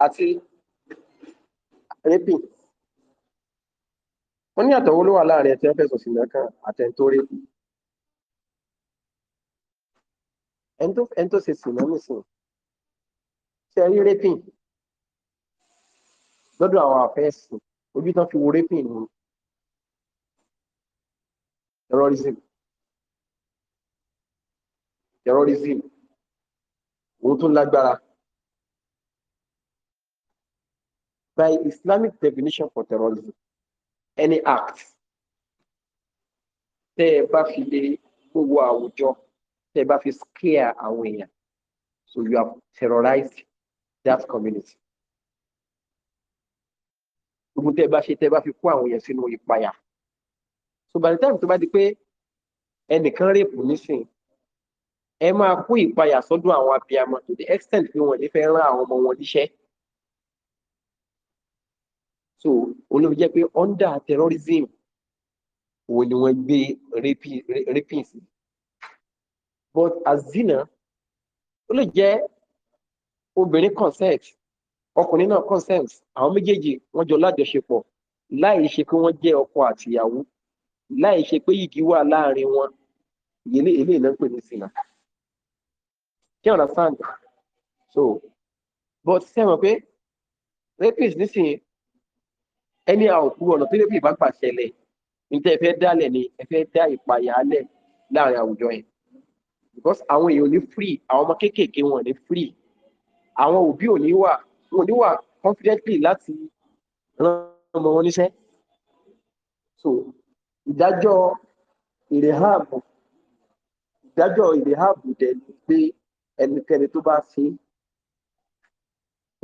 àti rẹ́pì ó ní àtọ̀wó ló wà láàrin ẹ̀tẹ́ fẹ̀sùn sí lẹ́kàn àtẹ́ntó rẹ́pì ẹni tó ṣe sì náà nìsín ṣe rí rẹ́pì lọ́dọ̀ àwọn àfẹ́sì ojú tán fi wo rẹ́pì ní terrorism terrorism òun tó lágbára by Islamic definition for terrorism any act tẹ́ ẹ bá fi lè gbogbo àwùjọ tẹ́ ẹ bá fi scare àwọn èèyàn so you have terrorized that community. gbogbo tẹ́ ẹ bá ṣe tẹ́ ẹ bá fi kó àwọn èèyàn sínú ìpayà so by the time tó bá di pé ẹnìkan rèpù nísìnyí ẹ máa kó ìpayà sọ́dọ̀ àwọn abiyamọ to the extent pé wọ́n lè fẹ́ rán àwọn ọmọ wọn níṣẹ́ so olóbi jẹ́ pé under terrorism wo ni wọ́n gbé raping sí but azina ó lè jẹ́ obìnrin consent ọkùnrin náà consent àwọn méjèèjì wọ́n jọ lájọṣepọ̀ láì ṣe pé wọ́n jẹ́ ọkọ àtìyàwó láì ṣe pé yìgì wà láàrin wọn ilé ilé ìlànà pè ní sinna kí ọ̀nà sand so but ṣe mọ̀ pé rapist nísìnyí ẹni a ò kúrò ọ̀nà tó lè fi ìbá gbà ṣẹlẹ̀ níta ẹ fẹ́ dálẹ̀ ni ẹ fẹ́ dá ìpayà alẹ̀ láàrin àwùjọ yẹn because àwọn èèyàn ò ní free àwọn ọmọ kéékèèké wọn ò ní free àwọn òbí ò ní wà wọn ò ní wà confidently láti rán ọmọ wọn níṣẹ́ so ìdájọ́ ìrèhàbù ìdájọ́ ìrèhàbù dẹ̀ ni pé ẹnikẹ́ni tó bá ṣe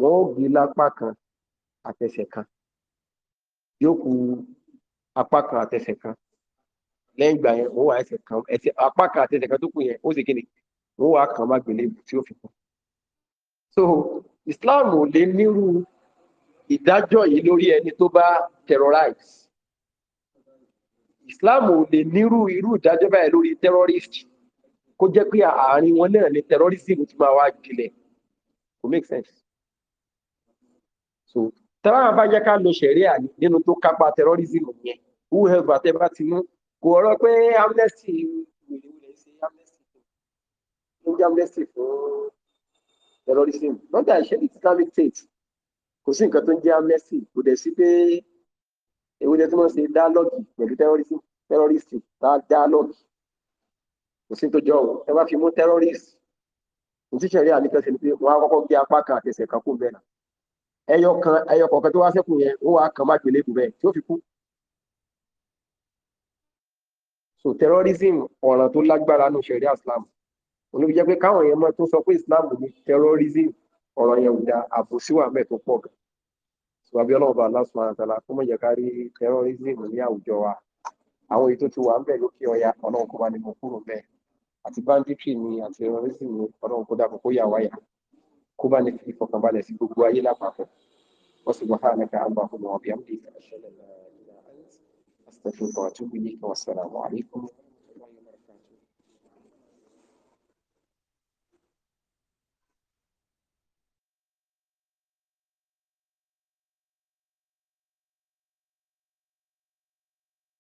wọ́n ó gbé lápá kan àtẹsẹ̀ kan yóò ku apá kan àtẹsẹ̀ kan lẹ́yìn ìgbà yẹn wọ́n wà ẹsẹ̀ kan ẹsẹ̀ apá kan àtẹsẹ̀ kan tó kù yẹn ó sì kéde wọ́n wà kàn má gbélé tí ó fi kù. so Islam ò lè nírú ìdájọ́ yìí lórí ẹni tó bá terrorize Islam ò lè nírú irú ìdájọ́ báyìí lórí terrorist kó jẹ́ pé àárín wọn náà ni terrorism ti máa wá gbilẹ̀ kò make sense. so táwọn bá jẹ́ ká lo ṣẹ̀ríà nínú tó kápá tẹrọrìsìmù yẹn whoever tẹ bá ti mú kò ọ̀rọ̀ pé amnesty wèrè wèrè ṣe amnesty fún ló ń jẹ́ amnesty fún tẹrọrìsìmù lọ́dà ìṣẹ́lẹ̀ Islamic State kò sí nǹkan tó ń jẹ́ amnesty kò dẹ̀ sí pé èwo jẹ́ tí wọ́n ṣe dálọ́gì pẹ̀lú tẹrọrìsìmù tẹrọrìsì tá a dálọ́gì kò sí tó jọ òun ẹ bá fi mú tẹrọrìsì òtítẹ̀rí àníkẹ́sẹ̀ ni pé wọ́n á kọ́kọ́ gbé apá kan àtẹ̀sẹ̀ kan kún bẹ́ẹ̀ ẹyọ kan ẹyọ kọ̀ọ̀kan tó wá ṣẹ́kù yẹn ó wá kan má gbélé tí ó fi kú. so terrorism ọ̀ràn tó lágbára nù sẹ̀rí islam olóbi jẹ́ pé káwọn yẹn mọ́ tó sọ pé islam ní terrorism ọ̀ràn yẹn ò da àbòsí wà tó pọ̀ gan. sọ abẹ́ ọlọ́run aláṣọ àtàlà kó mọ̀ wa àwọn èyí tó ti wà ń bẹ̀ lókè ọya ọlọ́run bá ní kúrò ni àti terrorism ni ọlọ́run kó bá ní fi ìfọkànbalẹ̀ sí gbogbo ayé lápapọ̀ wọ́n sì wọ́n hàn ká àgbà fún wọn bí i ìfẹ́ àṣẹ lẹ́nu àṣẹ lẹ́nu àṣẹ lẹ́nu àṣẹ lẹ́nu àṣẹ lẹ́nu àṣẹ lẹ́nu